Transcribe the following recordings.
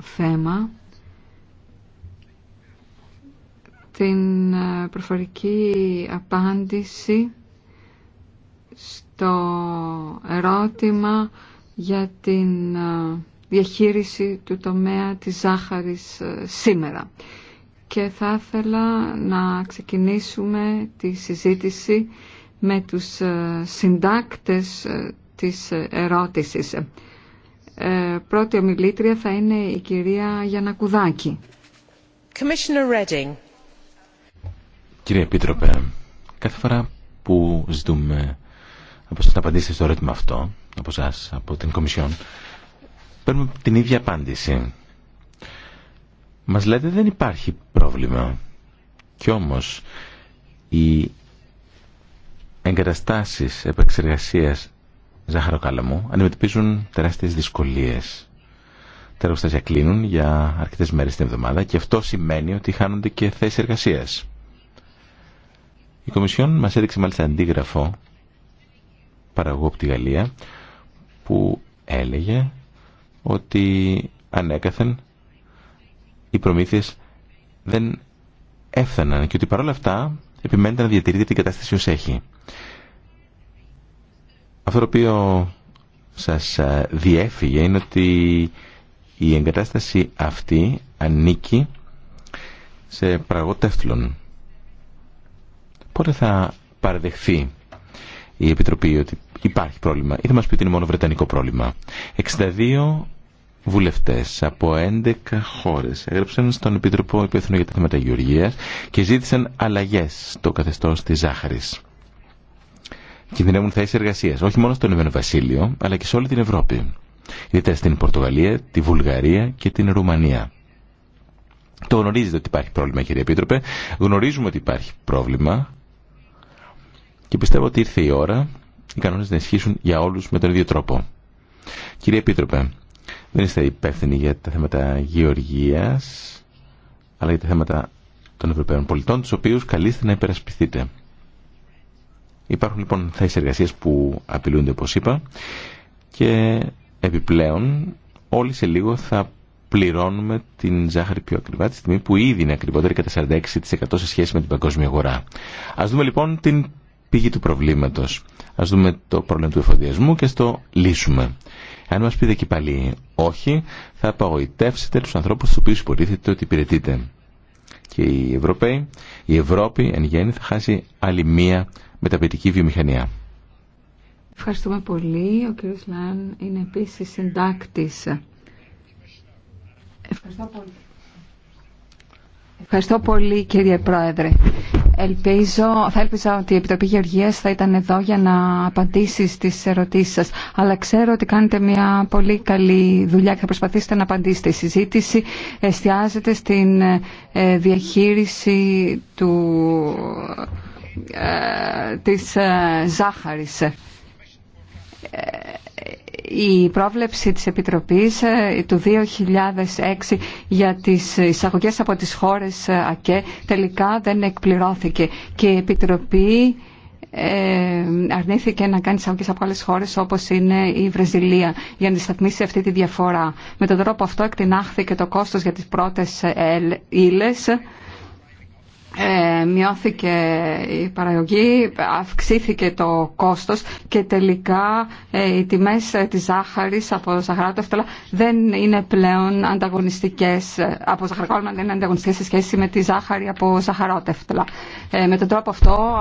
θέμα την ε, προφορική απάντηση στο ερώτημα για την ε, διαχείριση του τομέα της ζάχαρης ε, σήμερα. Και θα ήθελα να ξεκινήσουμε τη συζήτηση με τους συντάκτες της ερώτησης. Ε, πρώτη ομιλήτρια θα είναι η κυρία Γιανακουδάκη. Κυρία Επίτροπε, κάθε φορά που ζητούμε από σας να απαντήσετε στο ερώτημα αυτό, από σας, από την Κομισιόν, παίρνουμε την ίδια απάντηση. Μας λέτε δεν υπάρχει πρόβλημα. Κι όμως οι εγκαταστάσεις επεξεργασίας Ζάχαρο Κάλαμου αντιμετωπίζουν τεράστιες δυσκολίες. Τα εργοστάσια κλείνουν για αρκετές μέρες την εβδομάδα και αυτό σημαίνει ότι χάνονται και θέσεις εργασίας. Η Κομισιόν μας έδειξε μάλιστα αντίγραφο παραγωγό από τη Γαλλία που έλεγε ότι ανέκαθεν οι προμήθειες δεν έφθαναν και ότι παρόλα αυτά επιμένεται να διατηρείται την κατάσταση ως έχει. Αυτό το οποίο σας ε, διέφυγε είναι ότι η εγκατάσταση αυτή ανήκει σε πραγωτεύθλων. Πότε θα παραδεχθεί η Επιτροπή ότι υπάρχει πρόβλημα ή θα μας πει ότι είναι μόνο βρετανικό πρόβλημα. 62 βουλευτές από 11 χώρες έγραψαν στον Επιτροπό Υπεύθυνο για τα θέματα Γεωργίας και ζήτησαν αλλαγές στο καθεστώς της ζάχαρης κινδυνεύουν θέσει εργασία, όχι μόνο στον Ηνωμένο Βασίλειο, αλλά και σε όλη την Ευρώπη. Ιδιαίτερα στην Πορτογαλία, τη Βουλγαρία και την Ρουμανία. Το γνωρίζετε ότι υπάρχει πρόβλημα, κύριε Επίτροπε. Γνωρίζουμε ότι υπάρχει πρόβλημα και πιστεύω ότι ήρθε η ώρα οι κανόνε να ισχύσουν για όλου με τον ίδιο τρόπο. Κύριε Επίτροπε, δεν είστε υπεύθυνοι για τα θέματα γεωργία, αλλά για τα θέματα των Ευρωπαίων πολιτών, του οποίου καλείστε να υπερασπιστείτε. Υπάρχουν λοιπόν θέσει εργασία που απειλούνται όπω είπα και επιπλέον όλοι σε λίγο θα πληρώνουμε την ζάχαρη πιο ακριβά τη στιγμή που ήδη είναι ακριβότερη κατά 46% σε σχέση με την παγκόσμια αγορά. Α δούμε λοιπόν την πηγή του προβλήματο. Α δούμε το πρόβλημα του εφοδιασμού και στο λύσουμε. Αν μα πείτε και πάλι όχι, θα απαγοητεύσετε του ανθρώπου του οποίου υποτίθεται ότι υπηρετείτε. Και οι Ευρωπαίοι, η Ευρώπη εν γέννη θα χάσει άλλη μία με ποιητική βιομηχανία. Ευχαριστούμε πολύ. Ο κύριος Λάν είναι επίση συντάκτη. Ευχαριστώ πολύ. Ευχαριστώ πολύ κύριε Πρόεδρε. Ελπίζω, θα ελπίζω ότι η Επιτροπή Γεωργίας θα ήταν εδώ για να απαντήσει στις ερωτήσεις σας. Αλλά ξέρω ότι κάνετε μια πολύ καλή δουλειά και θα προσπαθήσετε να απαντήσετε. Η συζήτηση εστιάζεται στην ε, διαχείριση του ε, της ε, ζάχαρης. Ε, η πρόβλεψη της Επιτροπής του 2006 για τις εισαγωγές από τις χώρες ΑΚΕ τελικά δεν εκπληρώθηκε και η Επιτροπή αρνήθηκε να κάνει εισαγωγές από άλλες χώρες όπως είναι η Βραζιλία για να δισταθμίσει αυτή τη διαφορά. Με τον τρόπο αυτό εκτινάχθηκε το κόστος για τις πρώτες ύλες ε, μειώθηκε η παραγωγή, αυξήθηκε το κόστος και τελικά ε, οι τιμές ε, της ζάχαρης από ζαχαράτευτολα δεν είναι πλέον ανταγωνιστικές, ε, από δεν είναι ανταγωνιστικές σε σχέση με τη ζάχαρη από ζαχαρά Ε, με τον τρόπο αυτό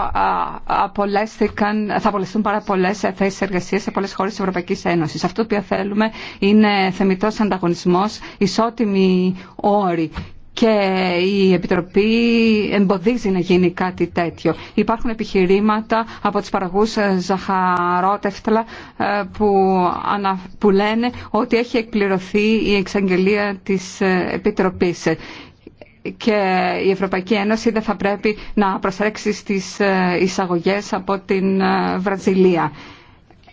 απολέστηκαν, θα απολεστούν πάρα πολλέ θέσει εργασία σε πολλέ χώρε τη Ευρωπαϊκή Ένωση. Αυτό που θέλουμε είναι θεμητό ανταγωνισμό, ισότιμοι όροι και η Επιτροπή εμποδίζει να γίνει κάτι τέτοιο. Υπάρχουν επιχειρήματα από τις παραγούς ε, Ζαχαρότευτλα ε, που, ανα... λένε ότι έχει εκπληρωθεί η εξαγγελία της ε, Επιτροπής και η Ευρωπαϊκή Ένωση δεν θα πρέπει να προσέξει στις εισαγωγές από την Βραζιλία.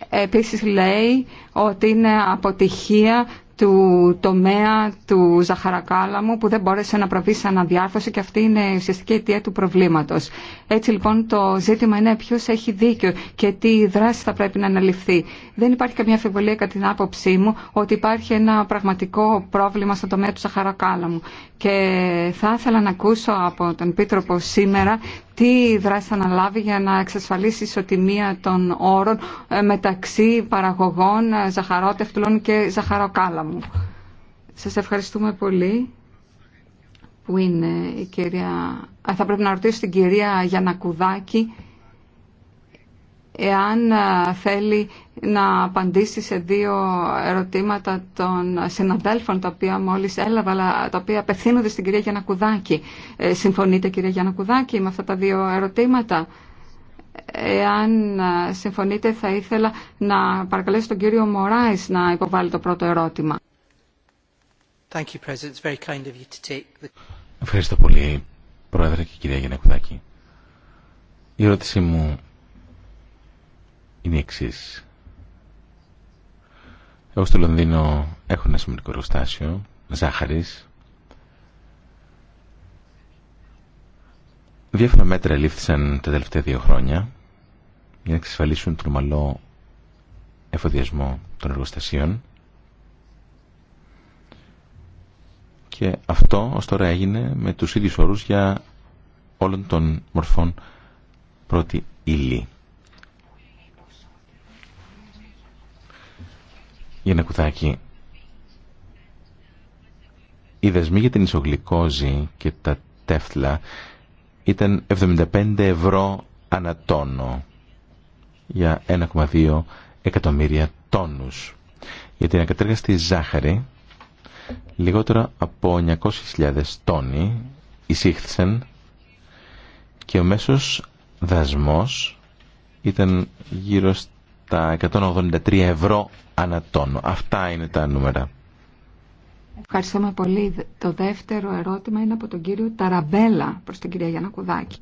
Επίσης λέει ότι είναι αποτυχία του τομέα του ζαχαρακάλαμου που δεν μπόρεσε να προβεί σε αναδιάρθρωση και αυτή είναι η ουσιαστική αιτία του προβλήματος. Έτσι λοιπόν το ζήτημα είναι ποιο έχει δίκιο και τι δράση θα πρέπει να αναλυφθεί. Δεν υπάρχει καμία αφιβολία κατά την άποψή μου ότι υπάρχει ένα πραγματικό πρόβλημα στο τομέα του ζαχαρακάλαμου. Και θα ήθελα να ακούσω από τον Πίτροπο σήμερα τι δράση θα αναλάβει για να εξασφαλίσει ισοτιμία των όρων ε, μεταξύ παραγωγών ε, ζαχαρότευτλων και ζαχαροκάλαμου. Σας ευχαριστούμε πολύ που είναι η κυρία... θα πρέπει να ρωτήσω την κυρία Γιανακουδάκη εάν ε, θέλει να απαντήσει σε δύο ερωτήματα των συναδέλφων τα οποία μόλις έλαβα αλλά τα οποία απευθύνονται στην κυρία Γιανακουδάκη. Ε, συμφωνείτε κυρία Γιανακουδάκη με αυτά τα δύο ερωτήματα. Εάν ε, συμφωνείτε θα ήθελα να παρακαλέσω τον κύριο Μωράης να υποβάλει το πρώτο ερώτημα. Ευχαριστώ πολύ, Πρόεδρε και κυρία Γιανακουδάκη. Η ερώτησή μου είναι η εξή. Εγώ στο Λονδίνο έχω ένα σημαντικό εργοστάσιο ζάχαρης. Διάφορα μέτρα λήφθησαν τα τελευταία δύο χρόνια για να εξασφαλίσουν τον ομαλό εφοδιασμό των εργοστασίων και αυτό ως τώρα έγινε με τους ίδιους όρους για όλων των μορφών πρώτη ύλη. κουδάκι, οι δεσμοί για την ισογλυκόζη και τα τέφτλα ήταν 75 ευρώ ανατόνο για 1,2 εκατομμύρια τόνους. Για την ακατέργαστη ζάχαρη, λιγότερα από 900.000 τόνοι εισήχθησαν και ο μέσος δασμός ήταν γύρω τα 183 ευρώ ανά τόνο. Αυτά είναι τα νούμερα. Ευχαριστούμε πολύ. Το δεύτερο ερώτημα είναι από τον κύριο Ταραμπέλα προς την κυρία Γιάννα Κουδάκη.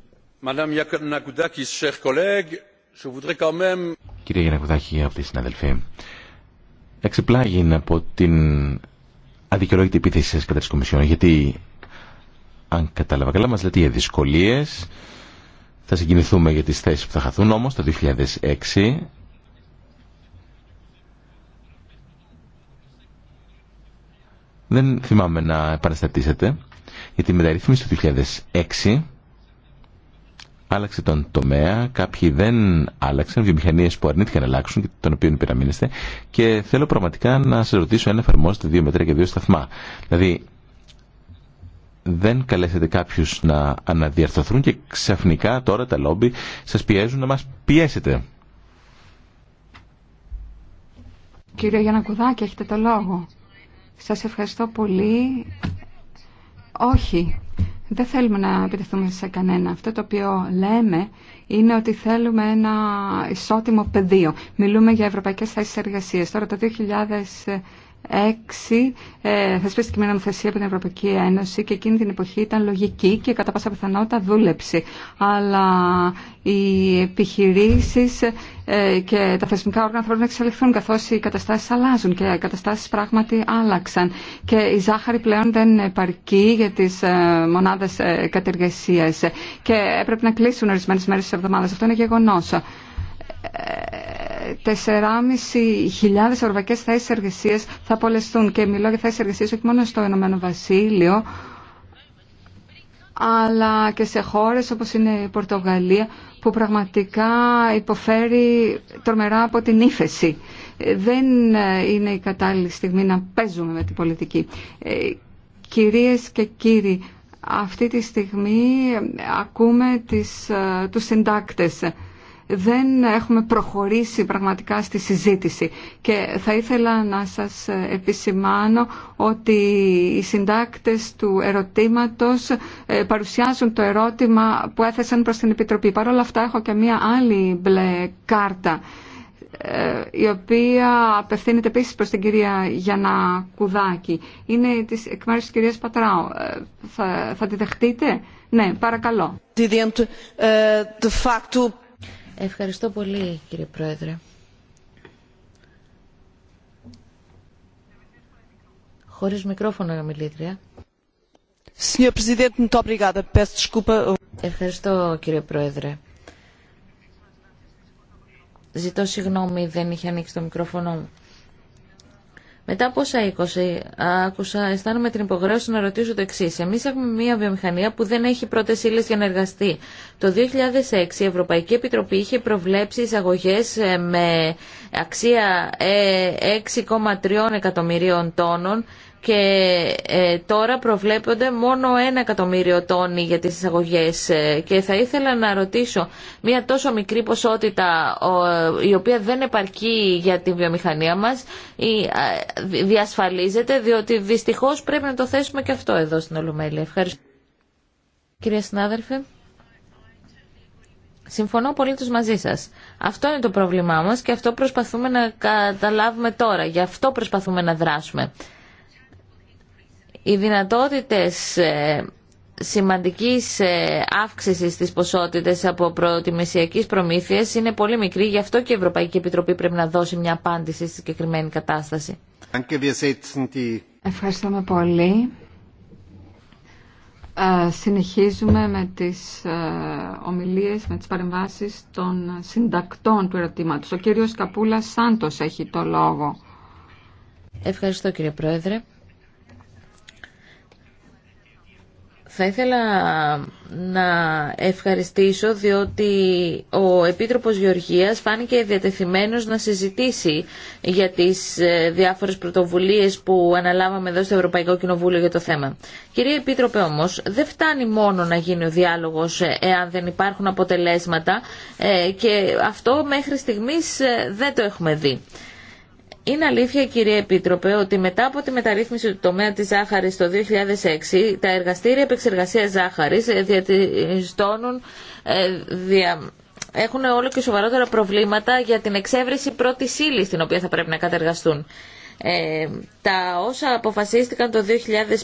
Κυρία Γιάννα Κουδάκη, αυτή συναδελφή, εξεπλάγει από την αδικαιολόγητη επίθεση σας κατά της Κομισιόν, γιατί αν κατάλαβα καλά μας λέτε για δυσκολίες, θα συγκινηθούμε για τις θέσεις που θα χαθούν, όμως το 2006 δεν θυμάμαι να επαναστατήσετε, γιατί η μεταρρύθμιση του 2006 άλλαξε τον τομέα, κάποιοι δεν άλλαξαν, βιομηχανίε που αρνήθηκαν να αλλάξουν και των οποίων υπεραμείνεστε. Και θέλω πραγματικά να σα ρωτήσω αν εφαρμόζετε δύο μέτρα και δύο σταθμά. Δηλαδή, δεν καλέσετε κάποιου να αναδιαρθωθούν και ξαφνικά τώρα τα λόμπι σα πιέζουν να μα πιέσετε. Κύριε Γιανακουδάκη, έχετε το λόγο. Σας ευχαριστώ πολύ. Όχι, δεν θέλουμε να επιτεθούμε σε κανένα. Αυτό το οποίο λέμε είναι ότι θέλουμε ένα ισότιμο πεδίο. Μιλούμε για ευρωπαϊκές θέσεις εργασίας. Τώρα το 2.006 θα ε, και μια νομοθεσία από την Ευρωπαϊκή Ένωση και εκείνη την εποχή ήταν λογική και κατά πάσα πιθανότητα δούλεψε. Αλλά οι επιχειρήσεις ε, και τα θεσμικά όργανα θα πρέπει να εξελιχθούν καθώς οι καταστάσει αλλάζουν και οι καταστάσει πράγματι άλλαξαν και η ζάχαρη πλέον δεν επαρκεί για τις ε, μονάδες ε, κατεργασίας και έπρεπε να κλείσουν ορισμένε μέρε τη εβδομάδα. Αυτό είναι γεγονός. 4.500 ευρωπαϊκές θέσεις εργασίας θα απολεστούν και μιλώ για θέσεις εργασίας όχι μόνο στο Ηνωμένο Βασίλειο αλλά και σε χώρες όπως είναι η Πορτογαλία που πραγματικά υποφέρει τρομερά από την ύφεση. Δεν είναι η κατάλληλη στιγμή να παίζουμε με την πολιτική. Ε, κυρίες και κύριοι, αυτή τη στιγμή ακούμε τις, ε, τους συντάκτες δεν έχουμε προχωρήσει πραγματικά στη συζήτηση και θα ήθελα να σας επισημάνω ότι οι συντάκτες του ερωτήματος ε, παρουσιάζουν το ερώτημα που έθεσαν προς την Επιτροπή. Παρ' όλα αυτά έχω και μία άλλη μπλε κάρτα ε, η οποία απευθύνεται επίση προς την κυρία Γιάννα Κουδάκη. Είναι της, εκ της κυρίας Πατράου. Ε, θα, τη δεχτείτε? Ναι, παρακαλώ. De Ευχαριστώ πολύ κύριε Πρόεδρε. Χωρίς μικρόφωνο μιλήτρια. Ευχαριστώ κύριε Πρόεδρε. Ζητώ συγγνώμη, δεν είχε ανοίξει το μικρόφωνο μου. Μετά από όσα 20 άκουσα, αισθάνομαι την υποχρέωση να ρωτήσω το εξή. Εμεί έχουμε μια βιομηχανία που δεν έχει πρώτε ύλε για να εργαστεί. Το 2006 η Ευρωπαϊκή Επιτροπή είχε προβλέψει εισαγωγέ ε, με αξία 6,3 ε, εκατομμυρίων τόνων και ε, τώρα προβλέπονται μόνο ένα εκατομμύριο τόνοι για τις εισαγωγές ε, και θα ήθελα να ρωτήσω μια τόσο μικρή ποσότητα η οποία δεν επαρκεί για τη βιομηχανία μας ή διασφαλίζεται διότι δυστυχώς πρέπει να το θέσουμε και αυτό εδώ στην Ολομέλη. Ευχαριστώ. Κυρία συνάδελφε. Συμφωνώ πολύ τους μαζί σας. Αυτό είναι το πρόβλημά μας και αυτό προσπαθούμε να καταλάβουμε τώρα. Γι' αυτό προσπαθούμε να δράσουμε. Οι δυνατότητες ε, σημαντικής ε, αύξησης της ποσότητας από προτιμησιακή προμήθειες είναι πολύ μικρή, γι' αυτό και η Ευρωπαϊκή Επιτροπή πρέπει να δώσει μια απάντηση στη συγκεκριμένη κατάσταση. Ευχαριστούμε πολύ. Ε, συνεχίζουμε με τις ε, ομιλίες, με τις παρεμβάσεις των συντακτών του ερωτήματος. Ο κύριος Καπούλα Σάντος έχει το λόγο. Ευχαριστώ κύριε Πρόεδρε. Θα ήθελα να ευχαριστήσω διότι ο Επίτροπος Γεωργίας φάνηκε διατεθειμένος να συζητήσει για τις ε, διάφορες πρωτοβουλίες που αναλάβαμε εδώ στο Ευρωπαϊκό Κοινοβούλιο για το θέμα. Κυρία Επίτροπε όμως, δεν φτάνει μόνο να γίνει ο διάλογος ε, εάν δεν υπάρχουν αποτελέσματα ε, και αυτό μέχρι στιγμής δεν το έχουμε δει. Είναι αλήθεια κύριε Επίτροπε ότι μετά από τη μεταρρύθμιση του τομέα της ζάχαρης το 2006 τα εργαστήρια επεξεργασίας ζάχαρης ε, ε, δια, έχουν όλο και σοβαρότερα προβλήματα για την εξέβρεση πρώτη ύλη την οποία θα πρέπει να κατεργαστούν. Ε, τα όσα αποφασίστηκαν το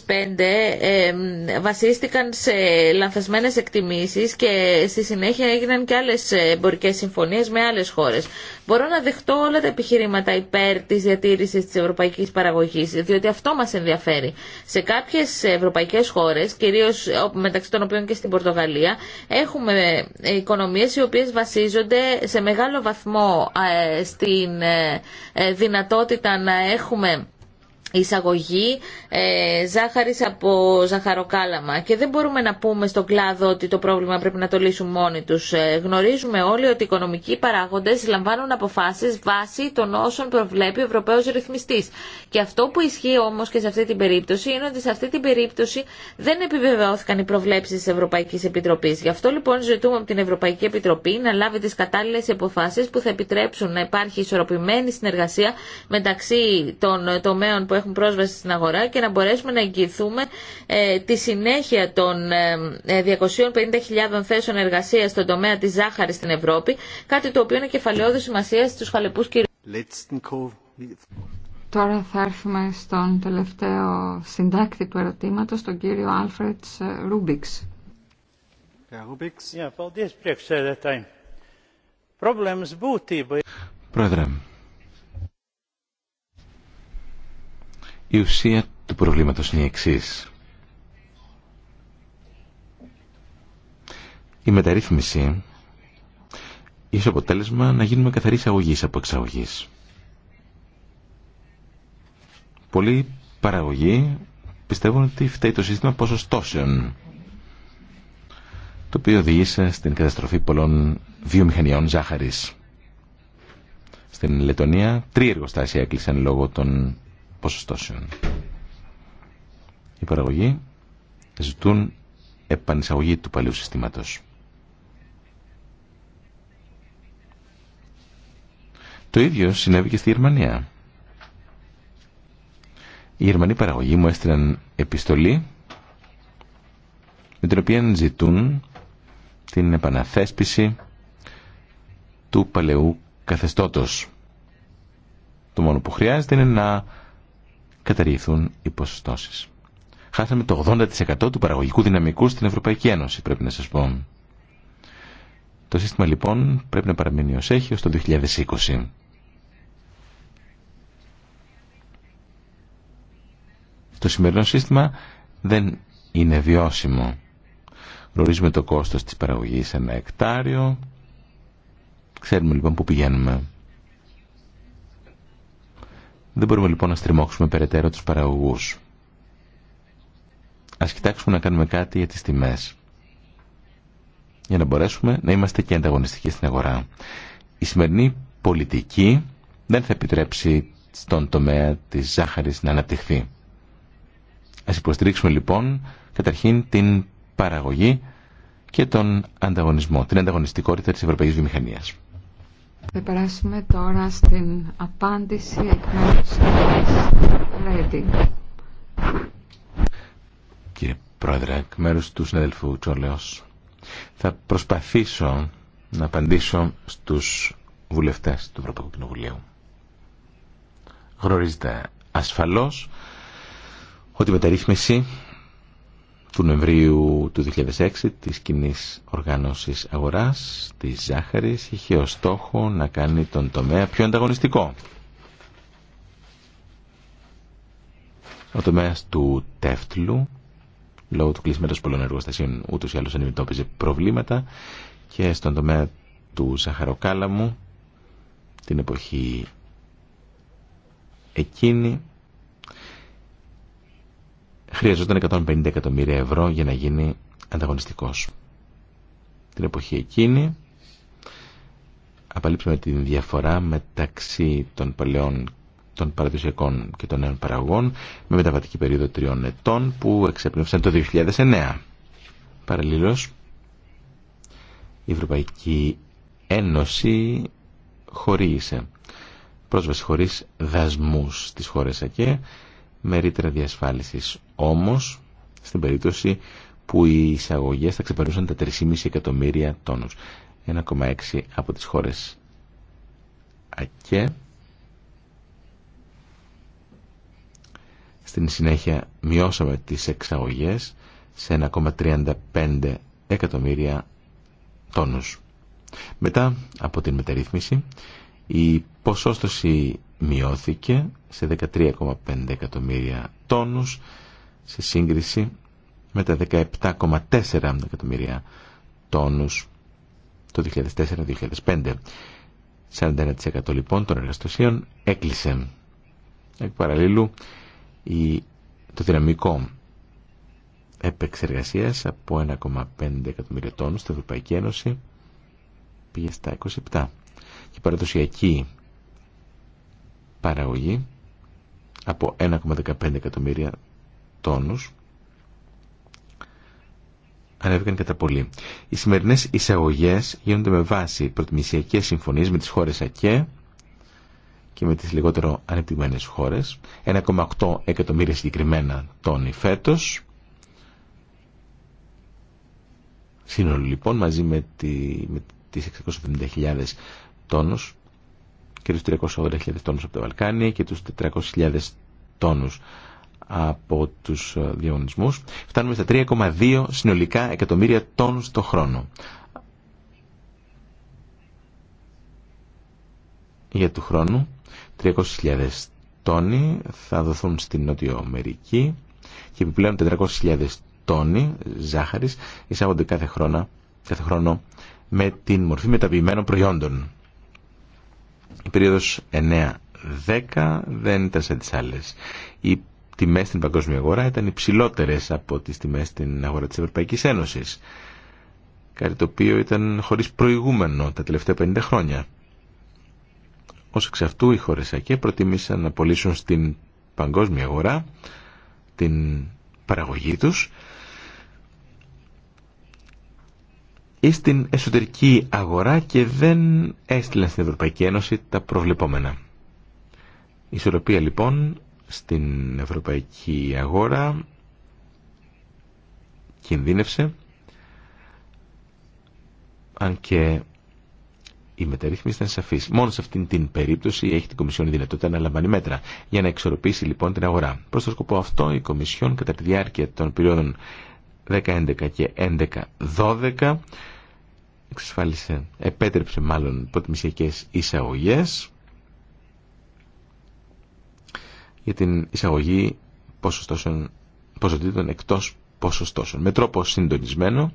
2005 ε, βασίστηκαν σε λανθασμένες εκτιμήσεις και στη συνέχεια έγιναν και άλλες εμπορικές συμφωνίες με άλλες χώρες. Μπορώ να δεχτώ όλα τα επιχειρήματα υπέρ της διατήρησης της ευρωπαϊκής παραγωγής, διότι αυτό μας ενδιαφέρει. Σε κάποιες ευρωπαϊκές χώρες, κυρίως μεταξύ των οποίων και στην Πορτογαλία, έχουμε οικονομίες οι οποίες βασίζονται σε μεγάλο βαθμό ε, στην ε, δυνατότητα να έχουμε εισαγωγή ε, ζάχαρης από ζαχαροκάλαμα και δεν μπορούμε να πούμε στον κλάδο ότι το πρόβλημα πρέπει να το λύσουν μόνοι τους. Ε, γνωρίζουμε όλοι ότι οι οικονομικοί παράγοντες λαμβάνουν αποφάσεις βάσει των όσων προβλέπει ο Ευρωπαίος Ρυθμιστής. Και αυτό που ισχύει όμως και σε αυτή την περίπτωση είναι ότι σε αυτή την περίπτωση δεν επιβεβαιώθηκαν οι προβλέψεις της Ευρωπαϊκής Επιτροπής. Γι' αυτό λοιπόν ζητούμε από την Ευρωπαϊκή Επιτροπή να λάβει τις κατάλληλες αποφάσεις που θα επιτρέψουν να υπάρχει ισορροπημένη συνεργασία μεταξύ των τομέων που έχουν πρόσβαση στην αγορά και να μπορέσουμε να εγγυηθούμε ε, τη συνέχεια των 250.000 ε, ε, θέσεων εργασία στον τομέα τη ζάχαρη στην Ευρώπη, κάτι το οποίο είναι κεφαλαιόδη σημασία στου χαλεπού κυρίου. Τώρα θα έρθουμε στον τελευταίο συντάκτη του ερωτήματο, τον κύριο Αλφρετ Ρούμπιξ. Πρόεδρε, Η ουσία του προβλήματος είναι η εξή. Η μεταρρύθμιση είχε αποτέλεσμα να γίνουμε καθαρή εισαγωγή από εξαγωγή. Πολλοί παραγωγοί πιστεύουν ότι φταίει το σύστημα ποσοστώσεων, το οποίο οδήγησε στην καταστροφή πολλών βιομηχανιών ζάχαρης. Στην Λετωνία τρία εργοστάσια έκλεισαν λόγω των ποσοστώσεων. Οι παραγωγοί ζητούν επανεισαγωγή του παλιού συστήματος. Το ίδιο συνέβη και στη Γερμανία. Οι Γερμανοί παραγωγοί μου έστειλαν επιστολή με την οποία ζητούν την επαναθέσπιση του παλαιού καθεστώτος. Το μόνο που χρειάζεται είναι να καταργηθούν οι ποσοστώσει. Χάσαμε το 80% του παραγωγικού δυναμικού στην Ευρωπαϊκή Ένωση, πρέπει να σας πω. Το σύστημα λοιπόν πρέπει να παραμείνει ως έχει ω το 2020. Το σημερινό σύστημα δεν είναι βιώσιμο. Γνωρίζουμε το κόστος της παραγωγής ένα εκτάριο. Ξέρουμε λοιπόν που πηγαίνουμε. Δεν μπορούμε λοιπόν να στριμώξουμε περαιτέρω τους παραγωγούς. Ας κοιτάξουμε να κάνουμε κάτι για τις τιμές. Για να μπορέσουμε να είμαστε και ανταγωνιστικοί στην αγορά. Η σημερινή πολιτική δεν θα επιτρέψει στον τομέα της ζάχαρης να αναπτυχθεί. Ας υποστηρίξουμε λοιπόν καταρχήν την παραγωγή και τον ανταγωνισμό, την ανταγωνιστικότητα της ευρωπαϊκής βιομηχανίας. Θα περάσουμε τώρα στην απάντηση εκ μέρους της Κύριε Πρόεδρε, εκ μέρους του συναδελφού Τσόλεος, θα προσπαθήσω να απαντήσω στους βουλευτές του Ευρωπαϊκού Κοινοβουλίου. Γνωρίζετε ασφαλώς ότι η μεταρρύθμιση του Νοεμβρίου του 2006 της κοινή οργάνωσης αγοράς της ζάχαρης είχε ως στόχο να κάνει τον τομέα πιο ανταγωνιστικό. Ο τομέας του τεύτλου λόγω του κλεισμένου πολλών εργοστασίων ούτως ή άλλως αντιμετώπιζε προβλήματα και στον τομέα του ζαχαροκάλαμου την εποχή εκείνη χρειαζόταν 150 εκατομμύρια ευρώ για να γίνει ανταγωνιστικός. Την εποχή εκείνη απαλείψαμε τη διαφορά μεταξύ των παλαιών των παραδοσιακών και των νέων παραγωγών με μεταβατική περίοδο τριών ετών που εξέπνευσαν το 2009. Παραλλήλως, η Ευρωπαϊκή Ένωση χωρίσε πρόσβαση χωρίς δασμούς στις χώρες ΑΚΕ με ρήτρα διασφάλισης όμως στην περίπτωση που οι εισαγωγές θα ξεπερνούσαν τα 3,5 εκατομμύρια τόνους. 1,6 από τις χώρες ΑΚΕ. Στην συνέχεια μειώσαμε τις εξαγωγές σε 1,35 εκατομμύρια τόνους. Μετά από την μεταρρύθμιση η ποσόστοση μειώθηκε σε 13,5 εκατομμύρια τόνους σε σύγκριση με τα 17,4 εκατομμύρια τόνους το 2004-2005. 41% λοιπόν των εργαστοσίων έκλεισε. Εκ παραλλήλου, το δυναμικό επεξεργασίας από 1,5 εκατομμύρια τόνους στην Ευρωπαϊκή Ένωση πήγε στα 27. Και η παραδοσιακή παραγωγή από 1,15 εκατομμύρια τόνους ανέβηκαν κατά πολύ. Οι σημερινές εισαγωγές γίνονται με βάση προτιμησιακές συμφωνίες με τις χώρες ΑΚΕ και με τις λιγότερο ανεπτυγμένες χώρες. 1,8 εκατομμύρια συγκεκριμένα τόνοι φέτος. Σύνολο λοιπόν μαζί με, τη, με τις 670.000 τόνους και τους 380.000 τόνους από τα Βαλκάνια και τους 400.000 τόνους από τους ε, διαγωνισμούς. Φτάνουμε στα 3,2 συνολικά εκατομμύρια τόνους το χρόνο. Για του χρόνου 300.000 τόνοι θα δοθούν στην Νότιο Αμερική και επιπλέον 400.000 τόνοι ζάχαρης εισάγονται κάθε χρόνο, κάθε χρόνο με την μορφή μεταποιημένων προϊόντων. Η περίοδος 9-10 δεν ήταν σαν τις άλλες. Η τιμές στην παγκόσμια αγορά ήταν υψηλότερες από τις τιμές στην αγορά της Ευρωπαϊκής Ένωσης. Κάτι το οποίο ήταν χωρίς προηγούμενο τα τελευταία 50 χρόνια. Ως εξ αυτού οι χώρες ΑΚΕ προτιμήσαν να πωλήσουν στην παγκόσμια αγορά την παραγωγή τους ή στην εσωτερική αγορά και δεν έστειλαν στην Ευρωπαϊκή Ένωση τα προβλεπόμενα. Η ισορροπία λοιπόν στην ευρωπαϊκή αγορά κινδύνευσε αν και η μεταρρύθμιση ήταν σαφή. Μόνο σε αυτήν την περίπτωση έχει την Κομισιόν η δυνατότητα να λαμβάνει μέτρα για να εξορροπήσει λοιπόν την αγορά. Προ το σκοπό αυτό, η Κομισιόν κατά τη διάρκεια των περίοδων 10-11 και 11-12 εξασφάλισε, επέτρεψε μάλλον προτιμησιακέ εισαγωγέ για την εισαγωγή ποσοτήτων εκτός ποσοστώσεων με τρόπο συντονισμένο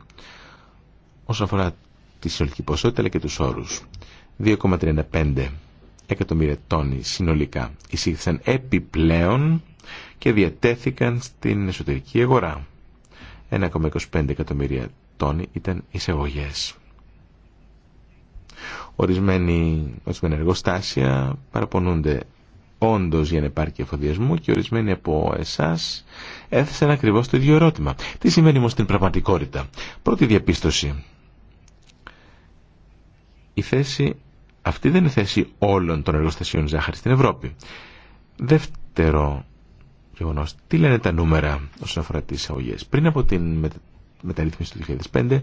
όσον αφορά τη συνολική ποσότητα αλλά και τους όρους. 2,35 εκατομμύρια τόνοι συνολικά εισήχθησαν επιπλέον και διατέθηκαν στην εσωτερική αγορά. 1,25 εκατομμύρια τόνοι ήταν εισαγωγές. ορισμένη ορισμένη εργοστάσια παραπονούνται όντω για να υπάρχει εφοδιασμό και ορισμένοι από εσά έθεσαν ακριβώ το ίδιο ερώτημα. Τι σημαίνει όμω την πραγματικότητα. Πρώτη διαπίστωση. Η θέση αυτή δεν είναι θέση όλων των εργοστασίων ζάχαρη στην Ευρώπη. Δεύτερο γεγονό. Τι λένε τα νούμερα όσον αφορά τι εισαγωγέ. Πριν από την μεταρρύθμιση του 2005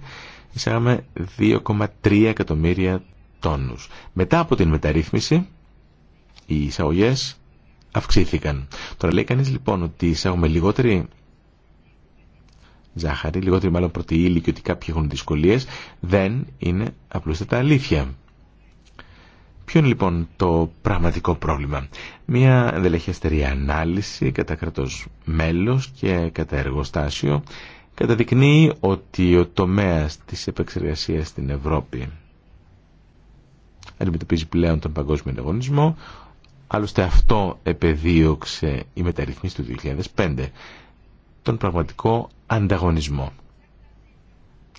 εισάγαμε 2,3 εκατομμύρια τόνους. Μετά από την μεταρρύθμιση οι εισαγωγέ αυξήθηκαν. Τώρα λέει κανεί λοιπόν ότι εισάγουμε λιγότερη ζάχαρη, λιγότερη μάλλον ύλη και ότι κάποιοι έχουν δυσκολίε δεν είναι απλούστατα αλήθεια. Ποιο είναι λοιπόν το πραγματικό πρόβλημα. Μια δελεχιαστερή ανάλυση κατά κράτο μέλο και κατά εργοστάσιο καταδεικνύει ότι ο τομέας της επεξεργασίας στην Ευρώπη αντιμετωπίζει πλέον τον παγκόσμιο ανταγωνισμό, Άλλωστε αυτό επεδίωξε η μεταρρυθμίση του 2005, τον πραγματικό ανταγωνισμό.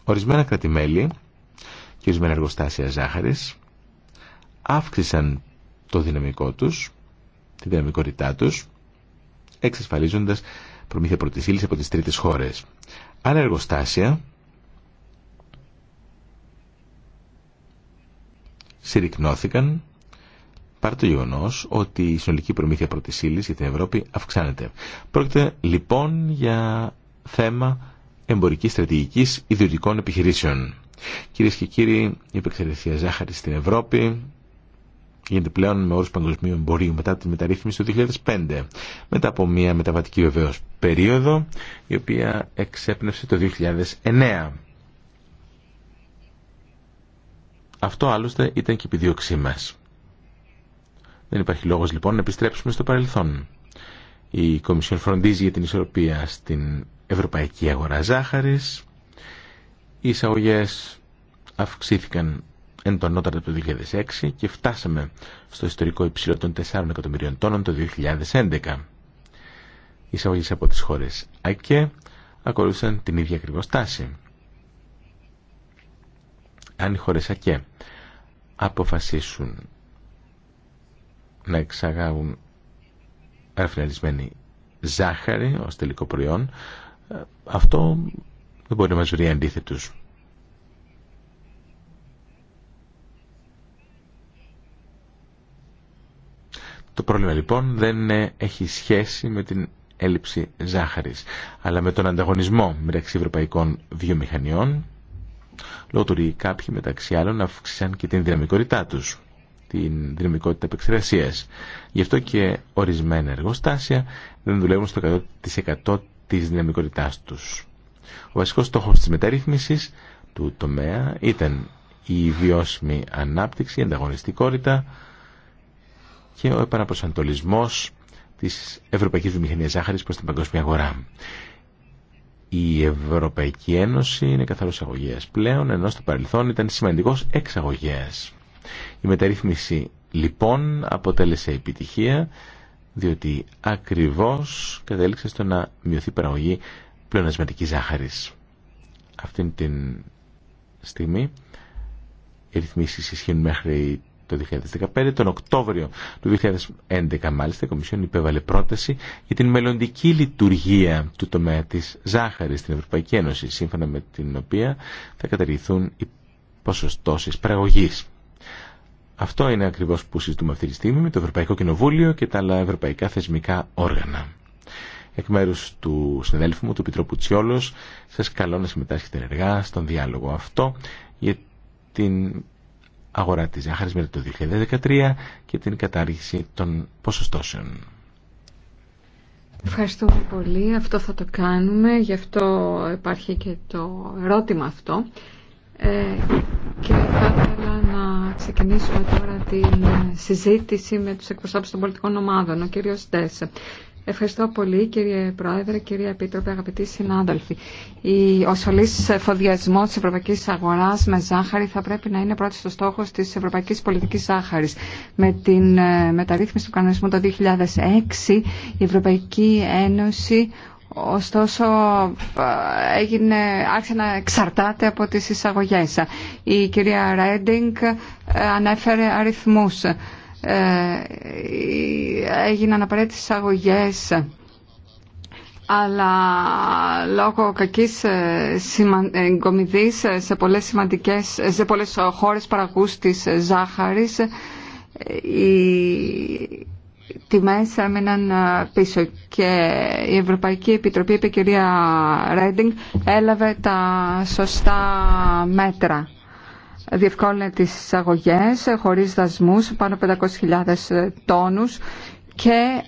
Ορισμένα κρατημέλη και ορισμένα εργοστάσια ζάχαρης αύξησαν το δυναμικό τους, τη δυναμικότητά τους, εξασφαλίζοντας προμήθεια πρώτης από τις τρίτες χώρες. Άλλα εργοστάσια συρρυκνώθηκαν παρά το γεγονό ότι η συνολική προμήθεια πρώτη ύλη για την Ευρώπη αυξάνεται. Πρόκειται λοιπόν για θέμα εμπορική στρατηγική ιδιωτικών επιχειρήσεων. Κυρίε και κύριοι, η επεξεργασία ζάχαρη στην Ευρώπη γίνεται πλέον με όρου παγκοσμίου εμπορίου μετά τη μεταρρύθμιση του 2005. Μετά από μια μεταβατική βεβαίω περίοδο, η οποία εξέπνευσε το 2009. Αυτό άλλωστε ήταν και η επιδίωξή μας. Δεν υπάρχει λόγος λοιπόν να επιστρέψουμε στο παρελθόν. Η Κομισιόν φροντίζει για την ισορροπία στην ευρωπαϊκή αγορά ζάχαρης. Οι εισαγωγέ αυξήθηκαν το από το 2006 και φτάσαμε στο ιστορικό υψηλό των 4 εκατομμυρίων τόνων το 2011. Οι εισαγωγές από τις χώρες ΑΚΕ ακολούθησαν την ίδια ακριβώ τάση. Αν οι χώρες ΑΚΕ αποφασίσουν να εξαγάγουν ραφιναρισμένη ζάχαρη ως τελικό προϊόν, αυτό δεν μπορεί να μας βρει αντίθετους. Το πρόβλημα λοιπόν δεν έχει σχέση με την έλλειψη ζάχαρης, αλλά με τον ανταγωνισμό μεταξύ ευρωπαϊκών βιομηχανιών, λόγω του κάποιοι μεταξύ άλλων αυξήσαν και την δυναμικότητά τους την δυναμικότητα επεξεργασία. Γι' αυτό και ορισμένα εργοστάσια δεν δουλεύουν στο 100% τη δυναμικότητά του. Ο βασικό στόχο τη μεταρρύθμιση του τομέα ήταν η βιώσιμη ανάπτυξη, η ανταγωνιστικότητα και ο επαναπροσανατολισμό τη Ευρωπαϊκή Βιομηχανίας Ζάχαρης προ την παγκόσμια αγορά. Η Ευρωπαϊκή Ένωση είναι καθαρό αγωγέα πλέον, ενώ στο παρελθόν ήταν σημαντικό εξαγωγέα. Η μεταρρύθμιση λοιπόν αποτέλεσε επιτυχία διότι ακριβώς κατέληξε στο να μειωθεί η παραγωγή πλεονασματικής ζάχαρης. Αυτήν την στιγμή οι ρυθμίσεις ισχύουν μέχρι το 2015. Τον Οκτώβριο του 2011 μάλιστα η Κομισιόν υπέβαλε πρόταση για την μελλοντική λειτουργία του τομέα της ζάχαρης στην Ευρωπαϊκή Ένωση σύμφωνα με την οποία θα καταργηθούν οι ποσοστώσεις παραγωγής. Αυτό είναι ακριβώς που συζητούμε αυτή τη στιγμή με το Ευρωπαϊκό Κοινοβούλιο και τα άλλα ευρωπαϊκά θεσμικά όργανα. Εκ μέρους του συναδέλφου μου, του Επιτρόπου Τσιόλος, σας καλώ να συμμετάσχετε ενεργά στον διάλογο αυτό για την αγορά της ζάχαρης μέχρι το 2013 και την κατάργηση των ποσοστώσεων. Ευχαριστούμε πολύ. Αυτό θα το κάνουμε. Γι' αυτό υπάρχει και το ερώτημα αυτό. Ε, και θα ήθελα ξεκινήσουμε τώρα την ε, συζήτηση με τους εκπροσώπους των πολιτικών ομάδων, ο κύριος Ντές. Ευχαριστώ πολύ κύριε Πρόεδρε, κύριε Επίτροπε, αγαπητοί συνάδελφοι. Ο σωλής εφοδιασμό τη Ευρωπαϊκή Αγορά με ζάχαρη θα πρέπει να είναι πρώτος στο στόχος της ευρωπαϊκής πολιτικής ζάχαρης. Με την ε, μεταρρύθμιση του κανονισμού το 2006 η Ευρωπαϊκή Ένωση ωστόσο έγινε, άρχισε να εξαρτάται από τις εισαγωγές. Η κυρία Ρέντινγκ ε, ανέφερε αριθμούς. Ε, έγιναν απαραίτητες εισαγωγές αλλά λόγω κακής ε, εγκομιδής σε πολλές, σημαντικές, σε πολλές χώρες παραγούς της ζάχαρης τιμές έμειναν ε, πίσω και η Ευρωπαϊκή Επιτροπή, είπε κυρία Ρέντινγκ, έλαβε τα σωστά μέτρα. Διευκόλυνε τις εισαγωγές χωρίς δασμούς, πάνω 500.000 τόνους και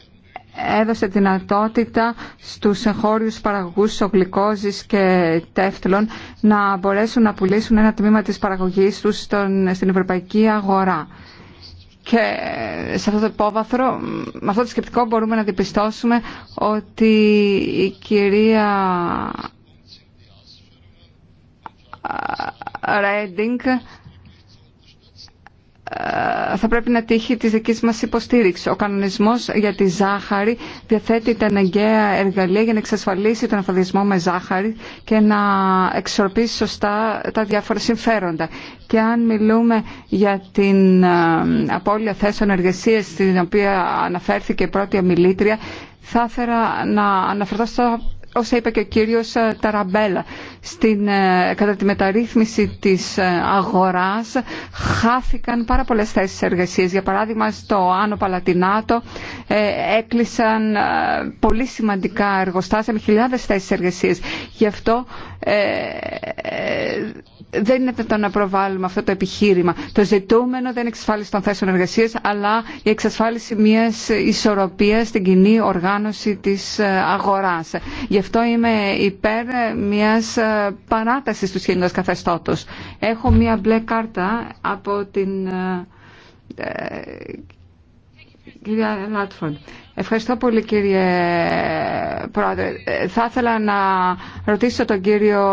έδωσε δυνατότητα στους εγχώριους παραγωγούς γλυκόζης και τέφτλων να μπορέσουν να πουλήσουν ένα τμήμα της παραγωγής τους στον, στην ευρωπαϊκή αγορά. Και σε αυτό το υπόβαθρο, με αυτό το σκεπτικό μπορούμε να διαπιστώσουμε ότι η κυρία Ρέντινγκ ε, θα πρέπει να τύχει τη δική μας υποστήριξη. Ο κανονισμός για τη ζάχαρη διαθέτει τα αναγκαία εργαλεία για να εξασφαλίσει τον αφοδιασμό με ζάχαρη και να εξορπίσει σωστά τα διάφορα συμφέροντα. Και αν μιλούμε για την ε, απώλεια θέσεων εργασία στην οποία αναφέρθηκε η πρώτη αμιλήτρια, θα ήθελα να αναφερθώ στο όσα είπε και ο κύριος ε, Ταραμπέλα στην, ε, κατά τη μεταρρύθμιση της ε, αγοράς χάθηκαν πάρα πολλές θέσεις εργασίας. Για παράδειγμα στο Άνω Παλατινάτο ε, έκλεισαν πολύ σημαντικά εργοστάσια με χιλιάδες θέσεις εργασίας. Γι' αυτό δεν είναι το να προβάλλουμε αυτό το επιχείρημα. Το ζητούμενο δεν είναι εξασφάλιση των θέσεων εργασίας, αλλά η εξασφάλιση μιας ισορροπίας στην κοινή οργάνωση της αγοράς. Γι' αυτό είμαι υπέρ μιας παράτασης του σχεδιασμού καθεστώτος. Έχω μία μπλε κάρτα από την ε, ε, κυρία Λάτφορντ. Ευχαριστώ πολύ κύριε Πρόεδρε. Θα ήθελα να ρωτήσω τον κύριο